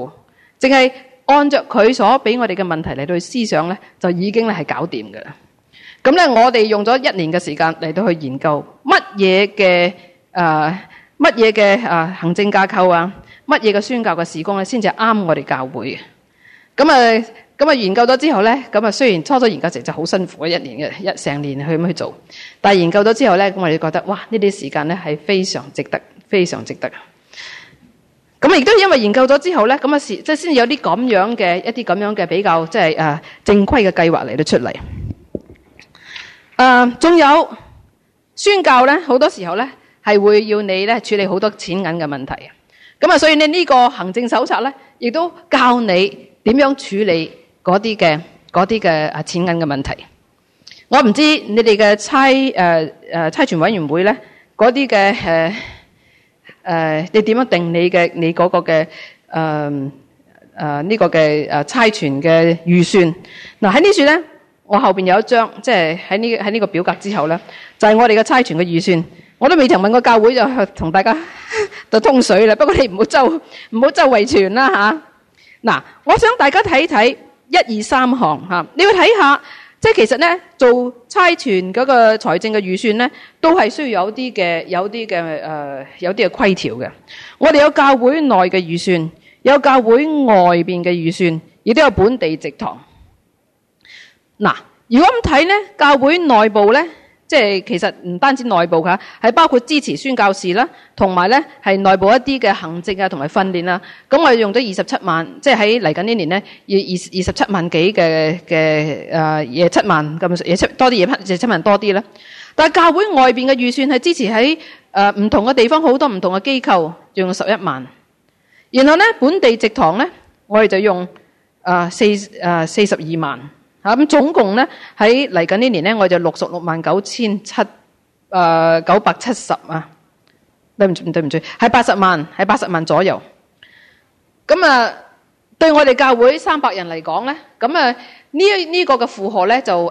淨係。按着佢所俾我哋嘅問題嚟到思想咧，就已經咧係搞掂嘅啦。咁咧，我哋用咗一年嘅時間嚟到去研究乜嘢嘅啊、乜嘢嘅啊行政架構啊，乜嘢嘅宣教嘅事工咧，先至啱我哋教會嘅。咁啊咁啊研究咗之後咧，咁啊雖然初初研究時就好辛苦，一年嘅一成年去咁去做，但係研究咗之後咧，咁我哋覺得哇，呢啲時間咧係非常值得，非常值得。咁亦都因為研究咗之後咧，咁啊即先有啲咁樣嘅一啲咁樣嘅比較即係誒正規嘅計劃嚟到出嚟。誒、呃，仲有宣教咧，好多時候咧係會要你咧處理好多錢銀嘅問題。咁啊，所以你呢、這個行政手冊咧，亦都教你點樣處理嗰啲嘅嗰啲嘅啊錢銀嘅問題。我唔知你哋嘅差誒、呃、差傳委員會咧嗰啲嘅誒。誒、呃，你點樣定你嘅你嗰個嘅誒誒呢個嘅誒、呃、差傳嘅預算？嗱、呃、喺呢處咧，我後邊有一張，即係喺呢喺呢個表格之後咧，就係、是、我哋嘅差傳嘅預算。我都未曾問過教會就同大家 就通水啦，不過你唔好周唔好周圍傳啦嚇。嗱、啊呃，我想大家睇睇一二三行嚇、啊，你要睇下。即係其實呢，做差傳嗰個財政嘅預算呢，都係需要有啲嘅，有啲嘅，呃，有啲嘅規條嘅。我哋有教會內嘅預算，有教會外面嘅預算，亦都有本地植堂。嗱，如果咁睇呢，教會內部呢。即係其實唔單止內部㗎，係包括支持宣教士啦，同埋咧係內部一啲嘅行政啊，同埋訓練啦。咁我哋用咗二十七萬，即係喺嚟緊呢年咧，二二二十七萬幾嘅嘅誒嘢七萬咁，嘢七多啲，嘢七萬多啲啦、呃。但係教會外邊嘅預算係支持喺誒唔同嘅地方好多唔同嘅機構，用十一萬。然後咧本地植堂咧，我哋就用誒四誒四十二萬。咁總共咧喺嚟緊呢年咧，我就六十六萬九千七，誒九百七十啊！對唔住，對唔住，係八十萬，係八十萬左右。咁啊，對我哋教會三百人嚟講咧，咁啊、這個這個、呢呢個嘅負荷咧就誒係、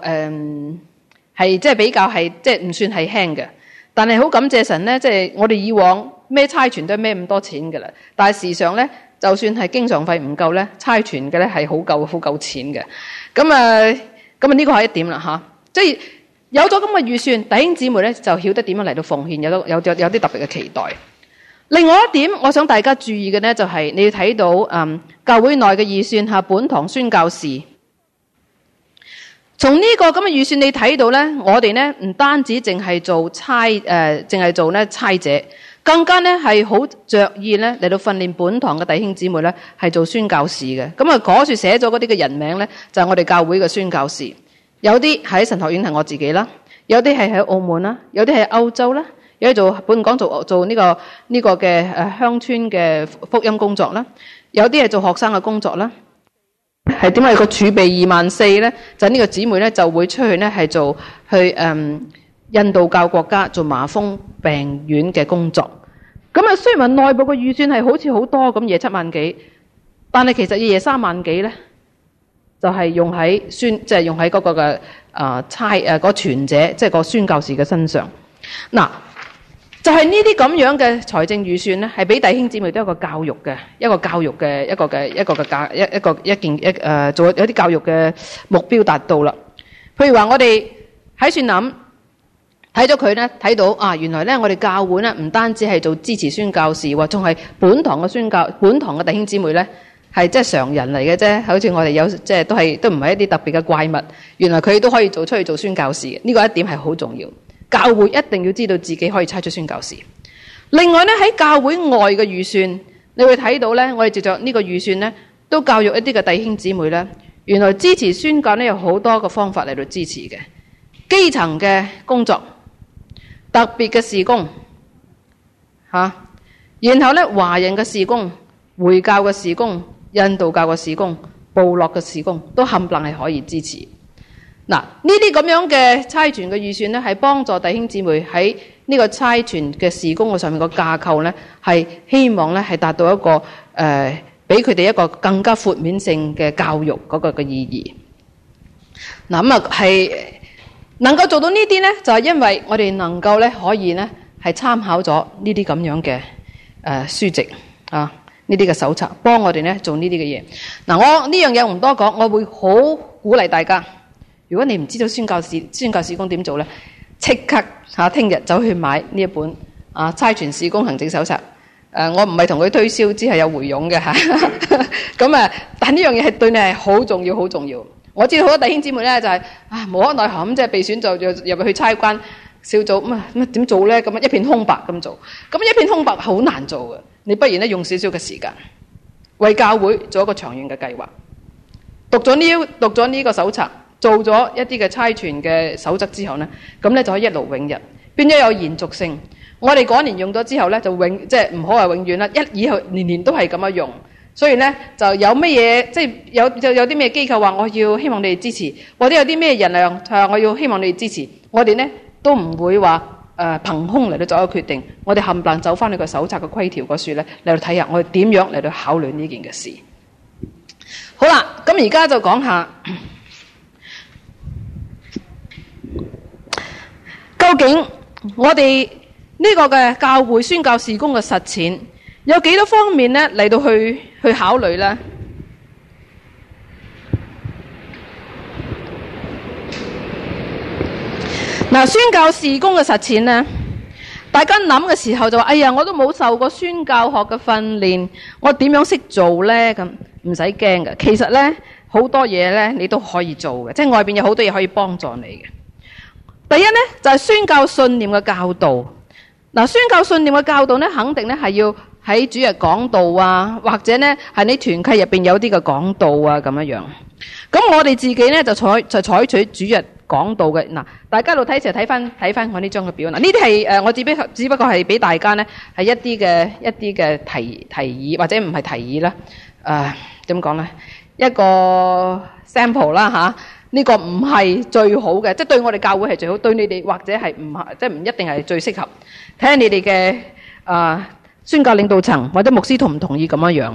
呃、即係比較係即係唔算係輕嘅。但係好感謝神咧，即、就、係、是、我哋以往咩差傳都咩咁多錢㗎啦。但係時常咧，就算係經常費唔夠咧，差傳嘅咧係好夠好夠錢嘅。咁、嗯、啊，咁啊呢個係一點啦吓，即係有咗咁嘅預算，弟兄姊妹咧就曉得點樣嚟到奉獻，有有有啲特別嘅期待。另外一點，我想大家注意嘅咧，就係、是、你要睇到嗯教會內嘅預算吓本堂宣教士。從呢個咁嘅預算，你睇到咧，我哋咧唔單止淨係做差誒，淨、呃、係做咧差者。更加咧係好着意咧嚟到訓練本堂嘅弟兄姊妹咧，係做宣教士嘅。咁啊，嗰處寫咗嗰啲嘅人名咧，就係我哋教會嘅宣教士。有啲喺神學院係我自己啦，有啲係喺澳門啦，有啲係歐洲啦，有啲做本港做做呢個呢個嘅誒鄉村嘅福音工作啦，有啲係做學生嘅工作啦。係點解個儲備二萬四咧？就呢個姊妹咧就會出去咧係做去誒。嗯印度教國家做麻風病院嘅工作，咁、就是就是那個呃、啊，雖然話內部嘅預算係好似好多咁，夜七萬幾，但係其實夜三萬幾咧，就係用喺宣，即係用喺嗰個嘅啊差誒個傳者，即係個宣教士嘅身上。嗱，就係呢啲咁樣嘅財政預算咧，係俾弟兄姊妹都有個教育嘅一個教育嘅一個嘅一個嘅教一一個，一，個，一，個，一，個一件、呃、一誒做有啲教育嘅目標達到啦。譬如話，我哋喺算諗。睇咗佢咧，睇到啊，原來咧，我哋教會咧唔單止係做支持宣教士，話仲係本堂嘅宣教，本堂嘅弟兄姊妹咧係即係常人嚟嘅啫，好似我哋有即係、就是、都係都唔係一啲特別嘅怪物。原來佢都可以做出去做宣教士。呢、呢個一點係好重要。教會一定要知道自己可以差出宣教士。另外咧喺教會外嘅預算，你會睇到咧，我哋接着個預呢個預算咧，都教育一啲嘅弟兄姊妹咧，原來支持宣教咧有好多嘅方法嚟到支持嘅，基層嘅工作。特別嘅事工嚇、啊，然後咧華人嘅事工、回教嘅事工、印度教嘅事工、部落嘅事工都冚唪唥係可以支持。嗱，呢啲咁樣嘅差傳嘅預算咧，係幫助弟兄姊妹喺呢個差傳嘅事工嘅上面個架構咧，係希望咧係達到一個誒，俾佢哋一個更加闊面性嘅教育嗰個嘅意義。嗱咁啊係。嗯能夠做到呢啲呢，就係、是、因為我哋能夠呢可以呢，係參考咗呢啲咁樣嘅誒、呃、書籍啊，呢啲嘅手冊，幫我哋呢做呢啲嘅嘢。嗱、啊，我呢樣嘢唔多講，我會好鼓勵大家。如果你唔知道宣教士宣教事工點做呢，即刻吓聽日走去買呢一本啊《差傳事工行政手冊》啊。誒，我唔係同佢推銷，只係有回佣嘅吓。咁啊， 但呢樣嘢係對你係好重要，好重要。我知道好多弟兄姊妹咧、就是，就係啊無可奈何咁，即係被選就入入去差關小組咁啊咁點做咧？咁啊一片空白咁做，咁一片空白好難做嘅。你不如咧用少少嘅時間，為教會做一個長遠嘅計劃。讀咗呢讀咗呢個手冊，做咗一啲嘅差傳嘅守則之後咧，咁咧就可以一勞永逸，變咗有延續性，我哋嗰年用咗之後咧，就永即係唔好話永遠啦，一以後年年都係咁樣用。所以咧，就有乜嘢，即係有就有啲咩機構話我要希望你哋支持，或者有啲咩人量，啊，我要希望你哋支持，我哋咧都唔會話誒憑空嚟到做一個決定，我哋冚唪唥走翻你個手冊嘅規條個書咧嚟到睇下我哋點樣嚟到考慮呢件嘅事。好啦，咁而家就講下究竟我哋呢個嘅教會宣教事工嘅實踐。有幾多方面咧嚟到去去考慮咧？嗱，宣教事工嘅實踐咧，大家諗嘅時候就話：哎呀，我都冇受過宣教學嘅訓練，我點樣識做咧？咁唔使驚㗎，其實咧好多嘢咧你都可以做嘅，即係外邊有好多嘢可以幫助你嘅。第一咧就係、是、宣教信念嘅教導。嗱，宣教信念嘅教導咧，肯定咧係要。喺主日講道啊，或者咧係你團契入面有啲嘅講道啊，咁樣樣。咁我哋自己咧就採就採取主日講道嘅嗱。大家喺度睇就睇翻睇翻我呢張嘅表嗱。呢啲係誒我只不過只不過係俾大家咧係一啲嘅一啲嘅提提議或者唔係提議啦。誒點講咧？一個 sample 啦吓，呢個唔係最好嘅，即係對我哋教會係最好，對你哋或者係唔係即係唔一定係最適合。睇下你哋嘅誒。呃宣教領導層或者牧師同唔同意咁樣樣？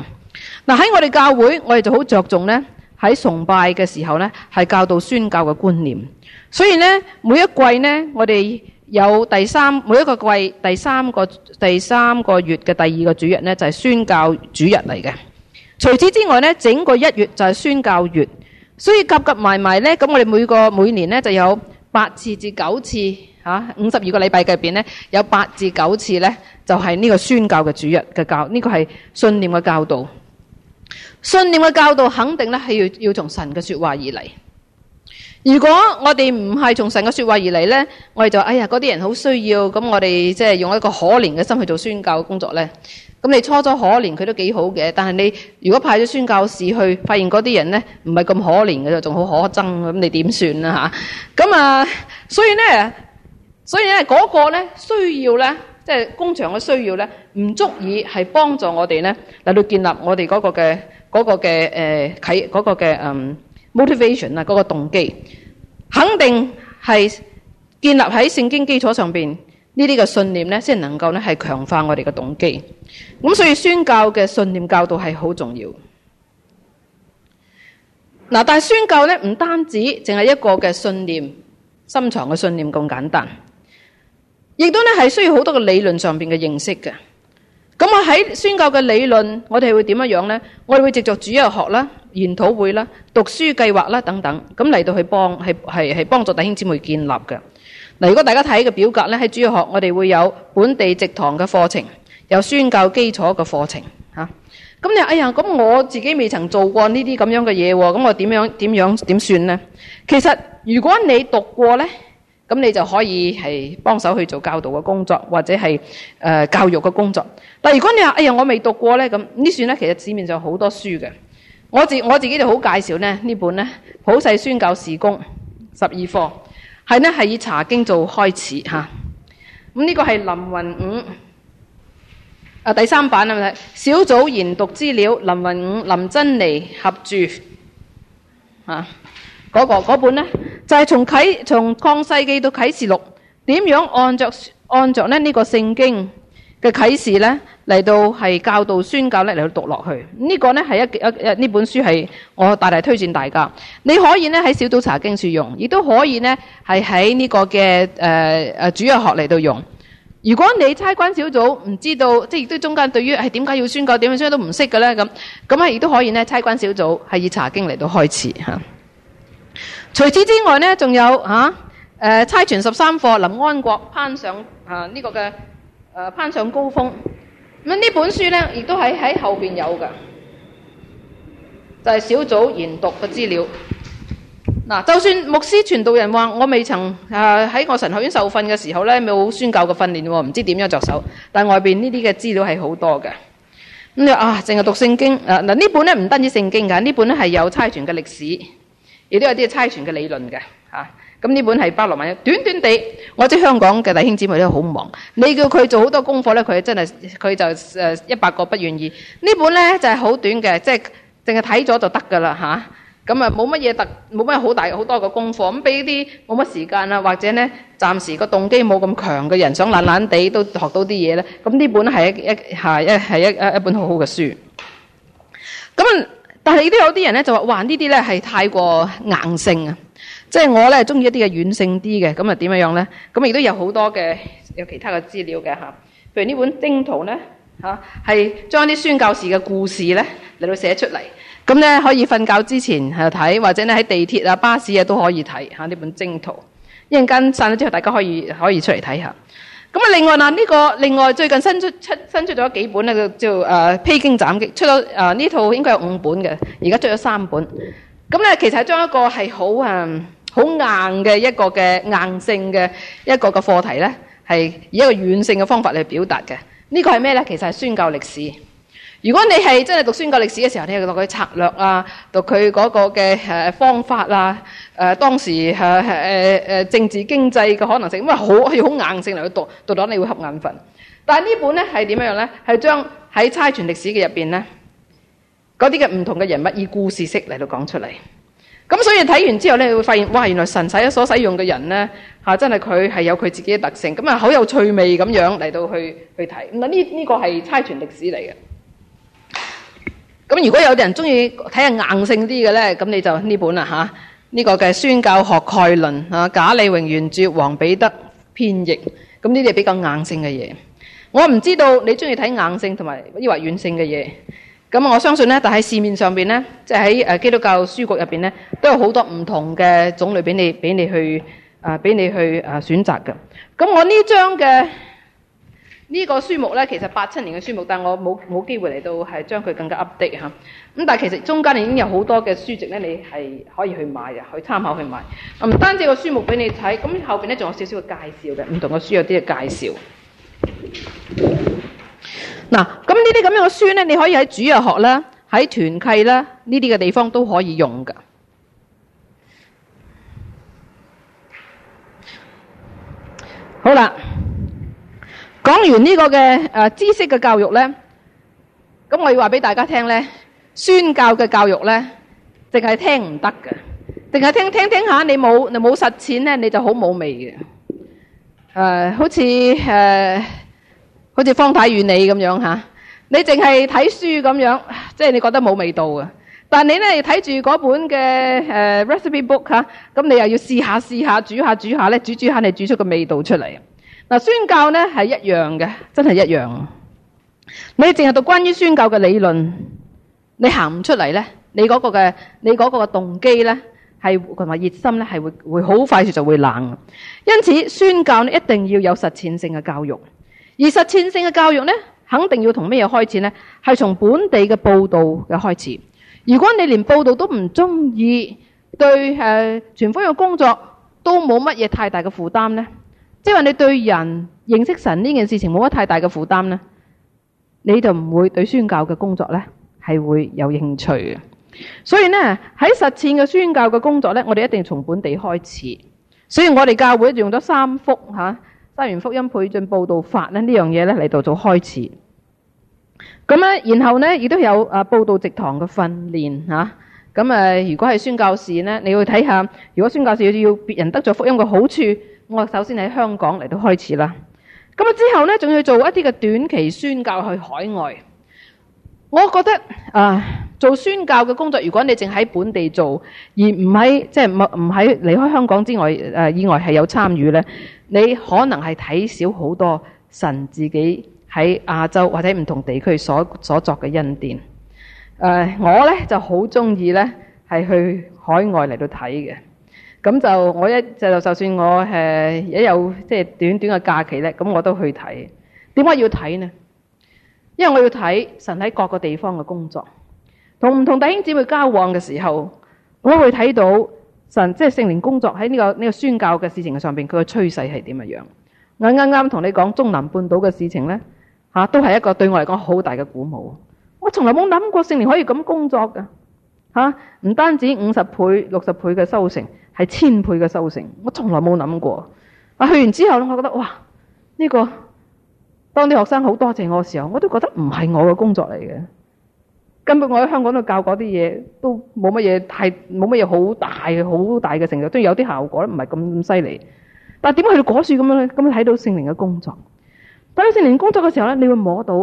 嗱、啊、喺我哋教會，我哋就好着重呢，喺崇拜嘅時候呢係教導宣教嘅觀念。所以呢，每一季呢，我哋有第三每一個季第三個第三個月嘅第二個主日呢，就係、是、宣教主日嚟嘅。除此之外呢，整個一月就係宣教月，所以夾夾埋埋呢，咁我哋每個每年呢，就有八次至九次。啊，五十二個禮拜入邊咧，有八至九次咧，就係呢個宣教嘅主日嘅教，呢、這個係信念嘅教導。信念嘅教導肯定咧係要要從神嘅說話而嚟。如果我哋唔係從神嘅說話而嚟咧，我哋就哎呀嗰啲人好需要，咁我哋即係用一個可憐嘅心去做宣教工作咧。咁你初初可憐佢都幾好嘅，但係你如果派咗宣教士去，發現嗰啲人咧唔係咁可憐嘅，就仲好可憎，咁你點算啊？吓，咁啊，所以咧。所以咧，嗰個咧需要咧，即係工場嘅需要咧，唔足以係幫助我哋咧嚟到建立我哋嗰個嘅嗰個嘅誒啟嗰個嘅嗯 motivation 啊嗰個動機，肯定係建立喺聖經基礎上面。呢啲嘅信念咧，先能夠咧係強化我哋嘅動機。咁所以宣教嘅信念教導係好重要。嗱，但係宣教咧唔單止淨係一個嘅信念，深藏嘅信念咁簡單。亦都咧係需要好多嘅理論上面嘅認識嘅。咁我喺宣教嘅理論，我哋係會點樣呢？咧？我哋會藉著主日學啦、研討會啦、讀書計劃啦等等，咁嚟到去幫係係係幫助弟兄姊妹建立嘅。嗱，如果大家睇嘅表格咧，喺主日學我哋會有本地直堂嘅課程，有宣教基礎嘅課程嚇。咁你哎呀，咁我自己未曾做過呢呢呢啲咁樣嘅嘢喎，咁我點樣點樣點算咧？其實如果你讀過咧。咁你就可以係幫手去做教導嘅工作，或者係、呃、教育嘅工作。但如果你話：哎呀，我未讀過咧，咁呢算咧，其實市面上好多書嘅。我自我自己就好介紹咧呢本咧《普世宣教事工》十二課，係呢係以查經做開始吓咁呢個係林雲五啊第三版啊，小組研讀資料，林雲五、林珍妮合著、啊嗰、嗰個嗰本咧，就係、是、從啟從創世記到啟示錄，點樣按着按着咧呢、這個聖經嘅啟示咧嚟到係教導宣教咧嚟到讀落去。這個、呢個咧係一一呢本書係我大大推薦大家。你可以咧喺小組查經處用，亦都可以咧係喺呢個嘅、呃、主日學嚟到用。如果你差關小組唔知道，即係亦都中間對於係點解要宣教點樣宣教都唔識嘅咧咁，咁亦都可以咧差關小組係以查經嚟到開始、啊除此之外咧，仲有嚇，誒、啊呃《差傳十三課》，林安國攀上啊呢、這個嘅、啊、攀上高峰。咁、嗯、呢本書咧，亦都係喺後面有㗎，就係、是、小組研讀嘅資料。嗱、啊，就算牧師傳道人話：我未曾誒喺、啊、我神學院受訓嘅時候咧，冇宣教嘅訓練喎，唔知點樣着手。但外面呢啲嘅資料係好多嘅。咁、嗯、啊，淨係讀聖經。嗱、啊啊、呢本咧唔單止聖經㗎，本呢本咧係有差傳嘅歷史。亦都有啲差傳嘅理論嘅嚇，咁、啊、呢本係巴羅曼嘅，短短地。我知香港嘅弟兄姊妹都好忙，你叫佢做好多功課咧，佢真係佢就誒一百個不願意。這本呢本咧就係、是、好短嘅，即係淨係睇咗就得㗎啦嚇。咁啊冇乜嘢特，冇乜好大好多嘅功課。咁俾啲冇乜時間啦，或者咧暫時個動機冇咁強嘅人，想懶懶地都學到啲嘢咧。咁呢本係一係一係一一本很好好嘅書。咁。但係亦都有啲人咧就話，哇呢啲咧係太過硬性啊！即係我咧中意一啲嘅軟性啲嘅，咁啊點樣樣咧？咁亦都有好多嘅有其他嘅資料嘅吓，譬如呢本征圖咧吓，係、啊、將啲宣教士嘅故事咧嚟到寫出嚟，咁咧可以瞓覺之前喺度睇，或者咧喺地鐵啊、巴士啊都可以睇吓呢本征圖。一陣間散咗之後，大家可以可以出嚟睇下。咁啊、這個、另外嗱，呢個另外最近新出出新出咗幾本咧，叫誒、呃、披荊斬棘，出咗誒呢套應該有五本嘅，而家出咗三本。咁咧其實將一個係好誒好硬嘅一個嘅硬性嘅一個嘅課題咧，係以一個軟性嘅方法嚟表達嘅。這個、呢個係咩咧？其實係宣教歷史。如果你係真係讀宣教歷史嘅時候，你又讀佢策略啊，讀佢嗰個嘅誒方法啊，誒當時誒誒誒政治經濟嘅可能性因為，好好硬性嚟去讀，讀到你會瞌眼瞓。但係呢本咧係點樣咧？係將喺差傳歷史嘅入邊咧，嗰啲嘅唔同嘅人物以故事式嚟到講出嚟。咁所以睇完之後咧，你會發現哇，原來神使所使用嘅人咧嚇真係佢係有佢自己嘅特性，咁啊好有趣味咁樣嚟到去去睇。唔啦呢呢個係差傳歷史嚟嘅。咁如果有啲人中意睇下硬性啲嘅咧，咁你就呢本啦，嚇，呢、啊這個嘅《宣教學概論》啊，賈禮榮原著，黃彼得編譯，咁呢啲比較硬性嘅嘢。我唔知道你中意睇硬性同埋抑或軟性嘅嘢。咁我相信咧，但喺市面上面咧，即、就、喺、是、基督教書局入面咧，都有好多唔同嘅種類俾你俾你去俾、啊、你去啊選擇嘅。咁我呢張嘅。呢個書目咧，其實八七年嘅書目，但係我冇冇機會嚟到係將佢更加 update 嚇。咁、啊、但係其實中間已經有好多嘅書籍咧，你係可以去買嘅，去參考去買。唔單止個書目俾你睇，咁後邊咧仲有少少嘅介紹嘅，唔同嘅書有啲嘅介紹。嗱，咁呢啲咁樣嘅書咧，你可以喺主日學啦，喺團契啦，呢啲嘅地方都可以用噶。好啦。講完呢個嘅誒、呃、知識嘅教育咧，咁我要話俾大家聽咧，宣教嘅教育咧，淨係聽唔得嘅，淨係聽聽聽下你冇你冇實踐咧，你就好冇味嘅。誒、呃，好似誒、呃，好似方太與你咁樣吓、啊，你淨係睇書咁樣，啊、即係你覺得冇味道、呃、book，啊。但係你咧睇住嗰本嘅誒 recipe book 吓，咁你又要試下試下煮下煮下咧，煮下煮下，煮下，煮下你煮出個味道出嚟。嗱，宣教咧係一樣嘅，真係一樣。你淨係讀關於宣教嘅理論，你行唔出嚟咧，你嗰個嘅你嗰個嘅動機咧，係同埋熱心咧，係會好快就會冷。因此宣教咧一定要有實踐性嘅教育，而實踐性嘅教育咧，肯定要從咩嘢開始咧？係從本地嘅報道嘅開始。如果你連報道都唔中意，對誒、呃、傳福音工作都冇乜嘢太大嘅負擔咧。因為你對人認識神呢件事情冇乜太大嘅負擔咧，你就唔會對宣教嘅工作咧係會有興趣嘅。所以咧喺實踐嘅宣教嘅工作咧，我哋一定從本地開始。所以我哋教會用咗三幅吓三元福音配進報道法咧呢樣嘢咧嚟到做開始。咁咧，然後咧亦都有啊報道直堂嘅訓練吓。咁誒，如果係宣教士咧，你要睇下如果宣教士要別人得咗福音嘅好處。我首先喺香港嚟到開始啦，咁啊之後呢，仲要做一啲嘅短期宣教去海外。我覺得啊，做宣教嘅工作，如果你淨喺本地做，而唔喺即係唔喺離開香港之外誒、啊、以外係有參與呢，你可能係睇少好多神自己喺亞洲或者唔同地區所所作嘅恩典。誒、啊，我呢就好鍾意呢，係去海外嚟到睇嘅。咁就我一就就算我誒，一有即係、就是、短短嘅假期咧，咁我都去睇。點解要睇呢？因為我要睇神喺各個地方嘅工作，同唔同弟兄姊妹交往嘅時候，我會睇到神即係聖靈工作喺呢、這個呢、這個宣教嘅事情上邊，佢嘅趨勢係點樣樣。我啱啱同你講中南半島嘅事情咧，吓、啊、都係一個對我嚟講好大嘅鼓舞。我從來冇諗過聖靈可以咁工作噶，吓、啊、唔單止五十倍、六十倍嘅收成。係千倍嘅收成，我從來冇諗過。我去完之後咧，我覺得哇，呢個當啲學生好多謝我嘅時候，我都覺得唔係我嘅工作嚟嘅。根本我喺香港度教嗰啲嘢都冇乜嘢，係冇乜嘢好大好大嘅成就，都有啲效果啦，唔係咁咁犀利。但係點去到果樹咁樣咧？咁睇到聖靈嘅工作，睇到聖靈工作嘅時候咧，你會摸到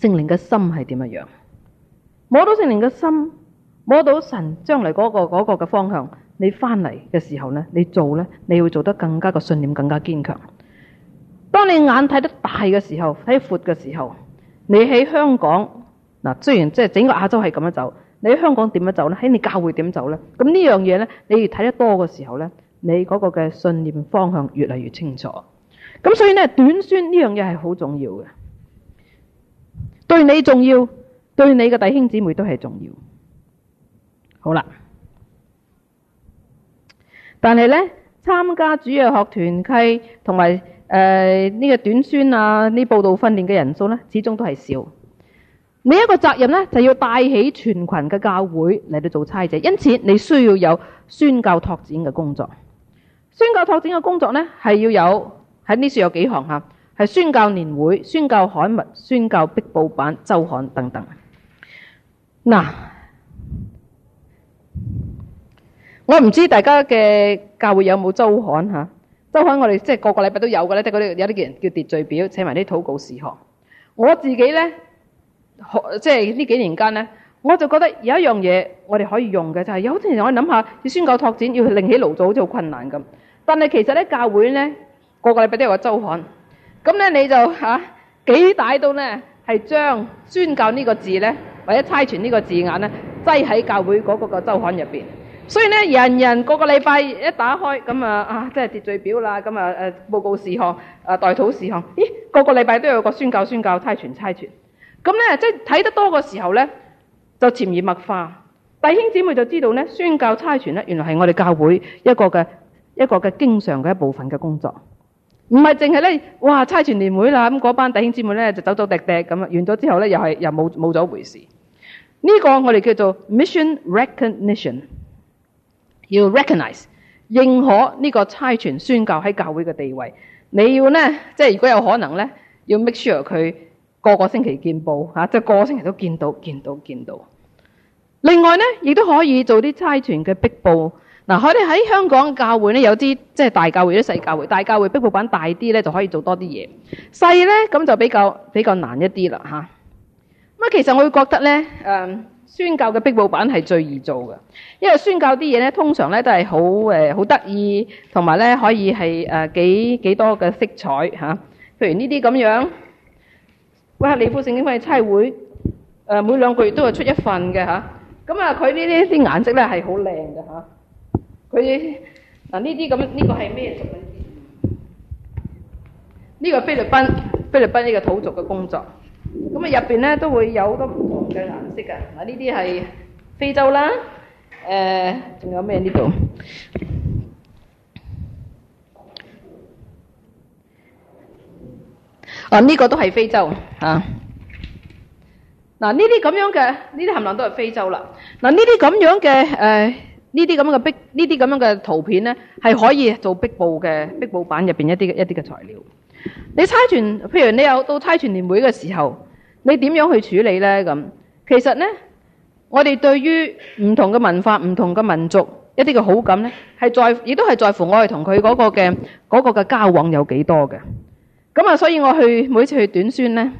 聖靈嘅心係點樣？摸到聖靈嘅心，摸到神將來嗰個嗰個嘅方向。你翻嚟嘅時候咧，你做咧，你會做得更加嘅信念更加堅強。當你眼睇得大嘅時候，睇闊嘅時候，你喺香港嗱，雖然即係整個亞洲係咁樣走，你喺香港點樣走咧？喺你教會點走咧？咁呢樣嘢咧，你越睇得多嘅時候咧，你嗰個嘅信念方向越嚟越清楚。咁所以咧，短宣呢樣嘢係好重要嘅，對你重要，對你嘅弟兄姊妹都係重要。好啦。但係咧，參加主日學團契同埋誒呢個短宣啊，呢，報道訓練嘅人數呢，始終都係少。每一個責任呢，就要帶起全群嘅教會嚟到做差者。因此，你需要有宣教拓展嘅工作。宣教拓展嘅工作呢，係要有喺呢處有幾項嚇，係宣教年會、宣教刊物、宣教壁報版、周刊等等。嗱。我唔知大家嘅教會有冇周刊吓。周刊我哋即係個個禮拜都有嘅咧。即係嗰啲有啲叫叫秩序表，寫埋啲禱告事項。我自己咧，即係呢幾年間咧，我就覺得有一樣嘢我哋可以用嘅就係、是、有啲人我諗下要宣教拓展，要另起爐灶，好似好困難咁。但係其實咧，教會咧個個禮拜都有周、啊、都個，個，個周刊。咁咧你就吓幾大到咧係將宣教呢個字咧或者差傳呢個字眼咧擠喺教會嗰個個周刊入邊。所以咧，人人個個禮拜一打開咁啊，啊，即係秩序表啦。咁啊，誒報告事項，啊、呃、代禱事項。咦，個個禮拜都有個宣教宣教，差傳差傳。咁咧，即係睇得多嘅時候咧，就潛移默化。弟兄姊妹就知道咧，宣教差傳咧，原來係我哋教會一個嘅一個嘅經常嘅一部分嘅工作，唔係淨係咧。哇，差傳年會啦，咁嗰班弟兄姊妹咧就走走趯趯。咁啊。完咗之後咧，又係又冇冇咗一回事。呢、這個我哋叫做 mission recognition。要 recognize 認可呢個差傳宣教喺教會嘅地位，你要咧，即係如果有可能咧，要 make sure 佢個個星期見報吓，即係個個星期都見到、見到、見到。另外咧，亦都可以做啲差傳嘅逼報。嗱、啊，我哋喺香港教會咧，有啲即係大教會、啲細教會，大教會逼報版大啲咧，就可以做多啲嘢，細咧咁就比較比較難一啲啦吓，咁啊，其實我會覺得咧，嗯宣教嘅壁報板係最易做嘅，因為宣教啲嘢咧，通常咧都係好誒好得意，同埋咧可以係誒幾幾多嘅色彩嚇、啊。譬如呢啲咁樣，威克里夫聖經翻譯差會、呃、每兩個月都係出一份嘅嚇。咁啊，佢、啊啊啊這個、呢啲啲顏色咧係好靚嘅嚇。佢嗱呢啲咁呢個係咩？呢個菲律賓菲律賓呢個土族嘅工作。咁啊，入邊咧都會有好多唔同嘅顏色噶。嗱，呢啲係非洲啦，誒，仲有咩呢度？啊，呢個都係非洲啊。嗱，呢啲咁樣嘅，呢啲含量都係非洲啦。嗱，呢啲咁樣嘅，誒，呢啲咁樣嘅壁，呢啲咁樣嘅圖片咧，係可以做壁布嘅壁布版入邊一啲一啲嘅材料。你差傳，譬如你有到差傳年會嘅時候，你點樣去處理咧？咁其實咧，我哋對於唔同嘅文化、唔同嘅民族一啲嘅好感咧，係在亦都係在乎我哋同佢嗰個嘅、嗰個嘅交往有幾多嘅。咁啊，所以我去每次去短宣咧，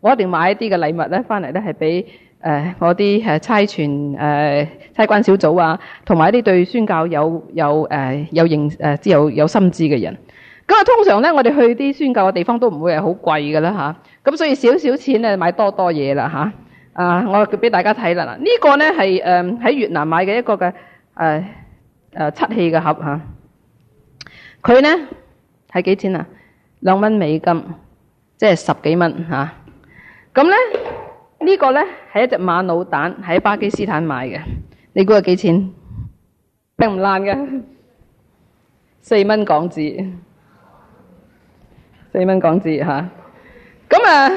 我一定買一啲嘅禮物咧，翻嚟咧係俾誒我啲誒差傳誒、呃、差關小組啊，同埋一啲對宣教有有誒、呃、有認誒即有有心知嘅人。通常咧，我哋去啲宣教嘅地方都唔會係好貴噶啦，吓，咁所以少少錢咧買多多嘢啦，吓啊！我俾大家睇啦，呢、這個咧係誒喺越南買嘅一個嘅誒誒漆器嘅盒吓，佢咧係幾錢啊？兩蚊美金，即係十幾蚊吓。咁咧呢、這個咧係一隻瑪瑙蛋喺巴基斯坦買嘅，你估係幾錢？並唔爛嘅，四蚊港紙。四蚊港紙，吓咁啊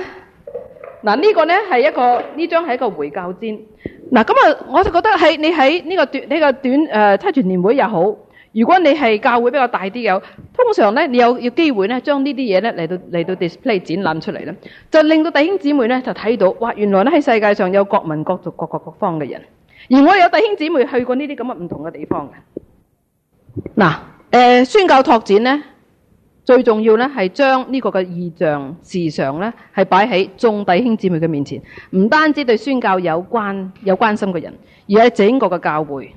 嗱、啊，這個、呢個咧係一個，呢張係一個回教氈。嗱咁啊，我就覺得喺你喺呢個短呢、這個、短誒、呃、差傳年會又好，如果你係教會比較大啲嘅，通常咧你有要機會咧將呢啲嘢咧嚟到嚟到 display 展覽出嚟咧，就令到弟兄姊妹咧就睇到哇，原來咧喺世界上有國民各民族、各國、各方嘅人，而我有弟兄姊妹去過呢啲咁嘅唔同嘅地方嘅嗱、啊呃、宣教拓展咧。最重要咧，係將呢個嘅異象時常咧，係擺喺眾弟兄姊妹嘅面前。唔單止對宣教有關有關心嘅人，而係整個嘅教會。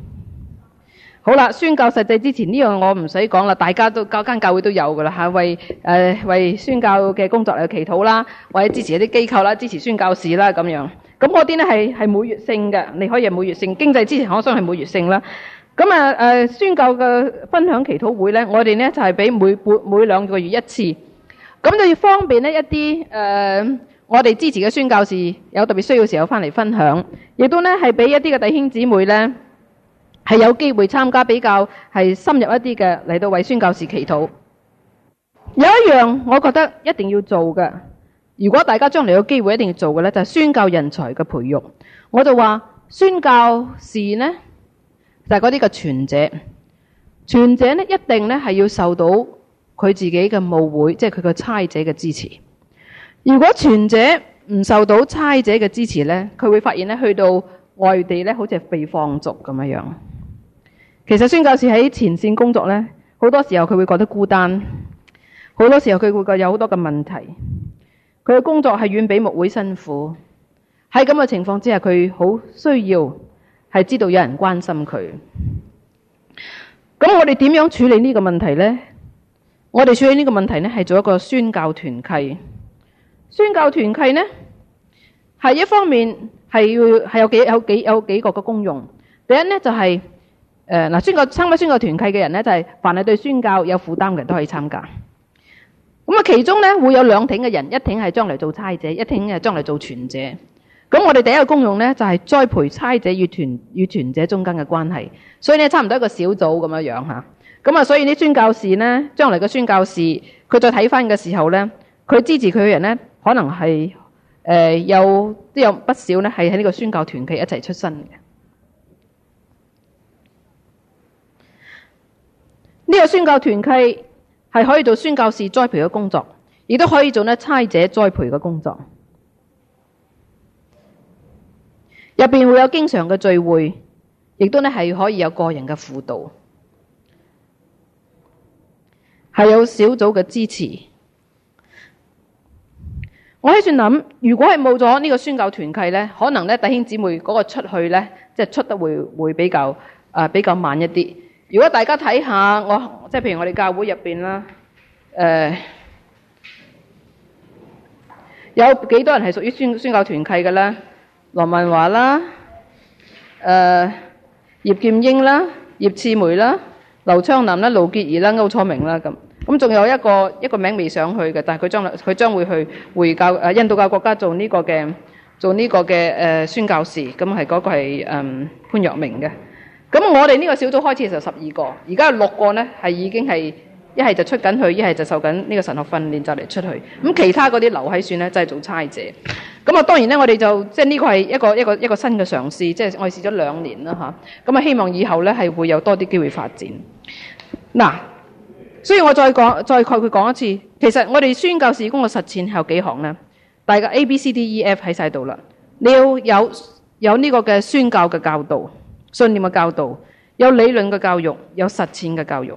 好啦，宣教實際之前呢樣，這個，、我唔使講啦，大家都教間教會都有㗎啦嚇，為誒，呃、為宣教嘅工作嚟祈禱啦，或者支持一啲機構啦，支持宣教士啦咁樣。咁嗰啲咧係係每月性嘅，你可以係每月性經濟支持，我相信係每月性啦。咁啊、呃，宣教嘅分享祈禱會咧，我哋咧就係，是，俾每半每兩個月一次。咁就要方便呢一啲誒、呃，我哋支持嘅宣教士有特別需要時候翻嚟分享，亦都咧係俾一啲嘅弟兄姊妹咧係有機會參加比較係深入一啲嘅嚟到為宣教士祈禱。有一樣我覺得一定要做嘅，如果大家將來有機會一定要做嘅咧，就係，是，宣教人才嘅培育。我就話宣教士呢。但係嗰啲嘅傳者，傳者咧一定咧係要受到佢自己嘅牧會，即係佢嘅差者嘅支持。如果傳者唔受到差者嘅支持咧，佢會發現咧去到外地咧，好似係被放逐咁樣樣。其實宣教士喺前線工作咧，好多時候佢會覺得孤單，好多時候佢會覺得有好多嘅問題。佢嘅工作係遠比牧會辛苦。喺咁嘅情況之下，佢好需要。係知道有人關心佢。咁我哋點樣處理呢個問題咧？我哋處理呢個問題咧，係做一個宣教團契。宣教團契咧，係一方面係要係有幾有幾有幾個嘅功用。第一咧就係、是，誒、呃、嗱，宣教參加宣教團契嘅人咧，就係、是、凡係對宣教有負擔嘅人都可以參加。咁啊，其中咧會有兩挺嘅人，一挺係將來做差者，一挺係將來做傳者。咁我哋第一個功用咧，就係、是、栽培差者與團與團者中間嘅關係，所以咧差唔多一個小組咁樣樣吓。咁啊，所以啲宣教士咧，將來嘅宣教士，佢再睇返嘅時候咧，佢支持佢嘅人咧，可能係誒、呃、有都有不少咧，係喺呢個宣教團契一齊出身嘅。呢、這個宣教團契係可以做宣教士栽培嘅工作，亦都可以做呢差者栽培嘅工作。入邊會有經常嘅聚會，亦都咧係可以有個人嘅輔導，係有小組嘅支持。我喺度諗，如果係冇咗呢個宣教團契咧，可能咧弟兄姊妹嗰個出去咧，即係出得會會比較啊比較慢一啲。如果大家睇下我，即係譬如我哋教會入邊啦，誒、呃，有幾多人係屬於宣宣教團契嘅咧？羅文華啦，誒葉劍英啦，葉賜梅啦，劉昌南啦，盧傑兒啦，歐楚明啦咁，咁仲有一個一個名未上去嘅，但係佢將佢將會去回教誒、啊、印度教國家做呢個嘅做呢個嘅誒、呃、宣教士，咁係嗰個係誒、呃、潘若明嘅。咁我哋呢個小組開始嘅時候十二個，而家六個呢係已經係。一係就出緊去，一係就受緊呢個神學訓練就嚟出去。咁其他嗰啲留喺算咧，就係做差者。咁啊，當然咧，我哋就即係呢個係一個一個一個新嘅嘗試，即係我哋試咗兩年啦吓。咁啊，希望以後咧係會有多啲機會發展。嗱，所以我再講再概括講一次，其實我哋宣教事工嘅實踐係有幾項咧，大家 A B C D E F 喺晒度啦。你要有有呢個嘅宣教嘅教導、信念嘅教導、有理論嘅教育、有實踐嘅教育。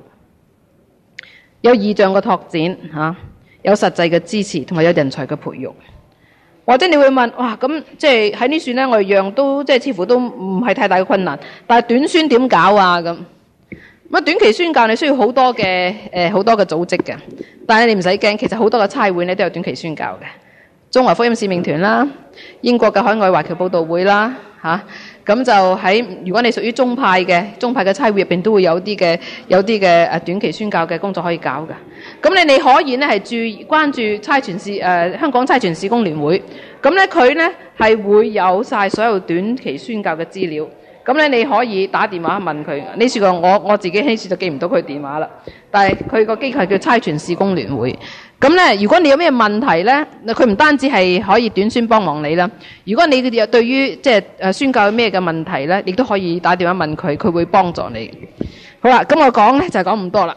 有異象嘅拓展、啊、有實際嘅支持，同埋有人才嘅培育，或者你會問哇，咁即係喺呢算咧，這我哋樣都即係、就是、似乎都唔係太大嘅困難，但係短宣點搞啊？咁短期宣教你需要好多嘅、呃、好多嘅組織嘅，但係你唔使驚，其實好多嘅差會咧都有短期宣教嘅，中華福音使命團啦，英國嘅海外華僑佈道會啦、啊咁就喺如果你屬於中派嘅，中派嘅差會入邊都會有啲嘅，有啲嘅短期宣教嘅工作可以搞㗎。咁咧你，你可以咧係注關注差傳事誒、呃、香港差傳事工聯會。咁咧佢咧係會有晒所有短期宣教嘅資料。咁咧你可以打電話問佢。你說過我我自己希就記唔到佢電話啦，但係佢個機構叫差傳事工聯會。咁咧，如果你有咩問題咧，佢唔單止係可以短宣幫忙你啦。如果你嘅又對於即係、誒、宣教咩嘅問題咧，亦都可以打電話問佢，佢會幫助你。好啦，咁我講咧就係、講唔多啦。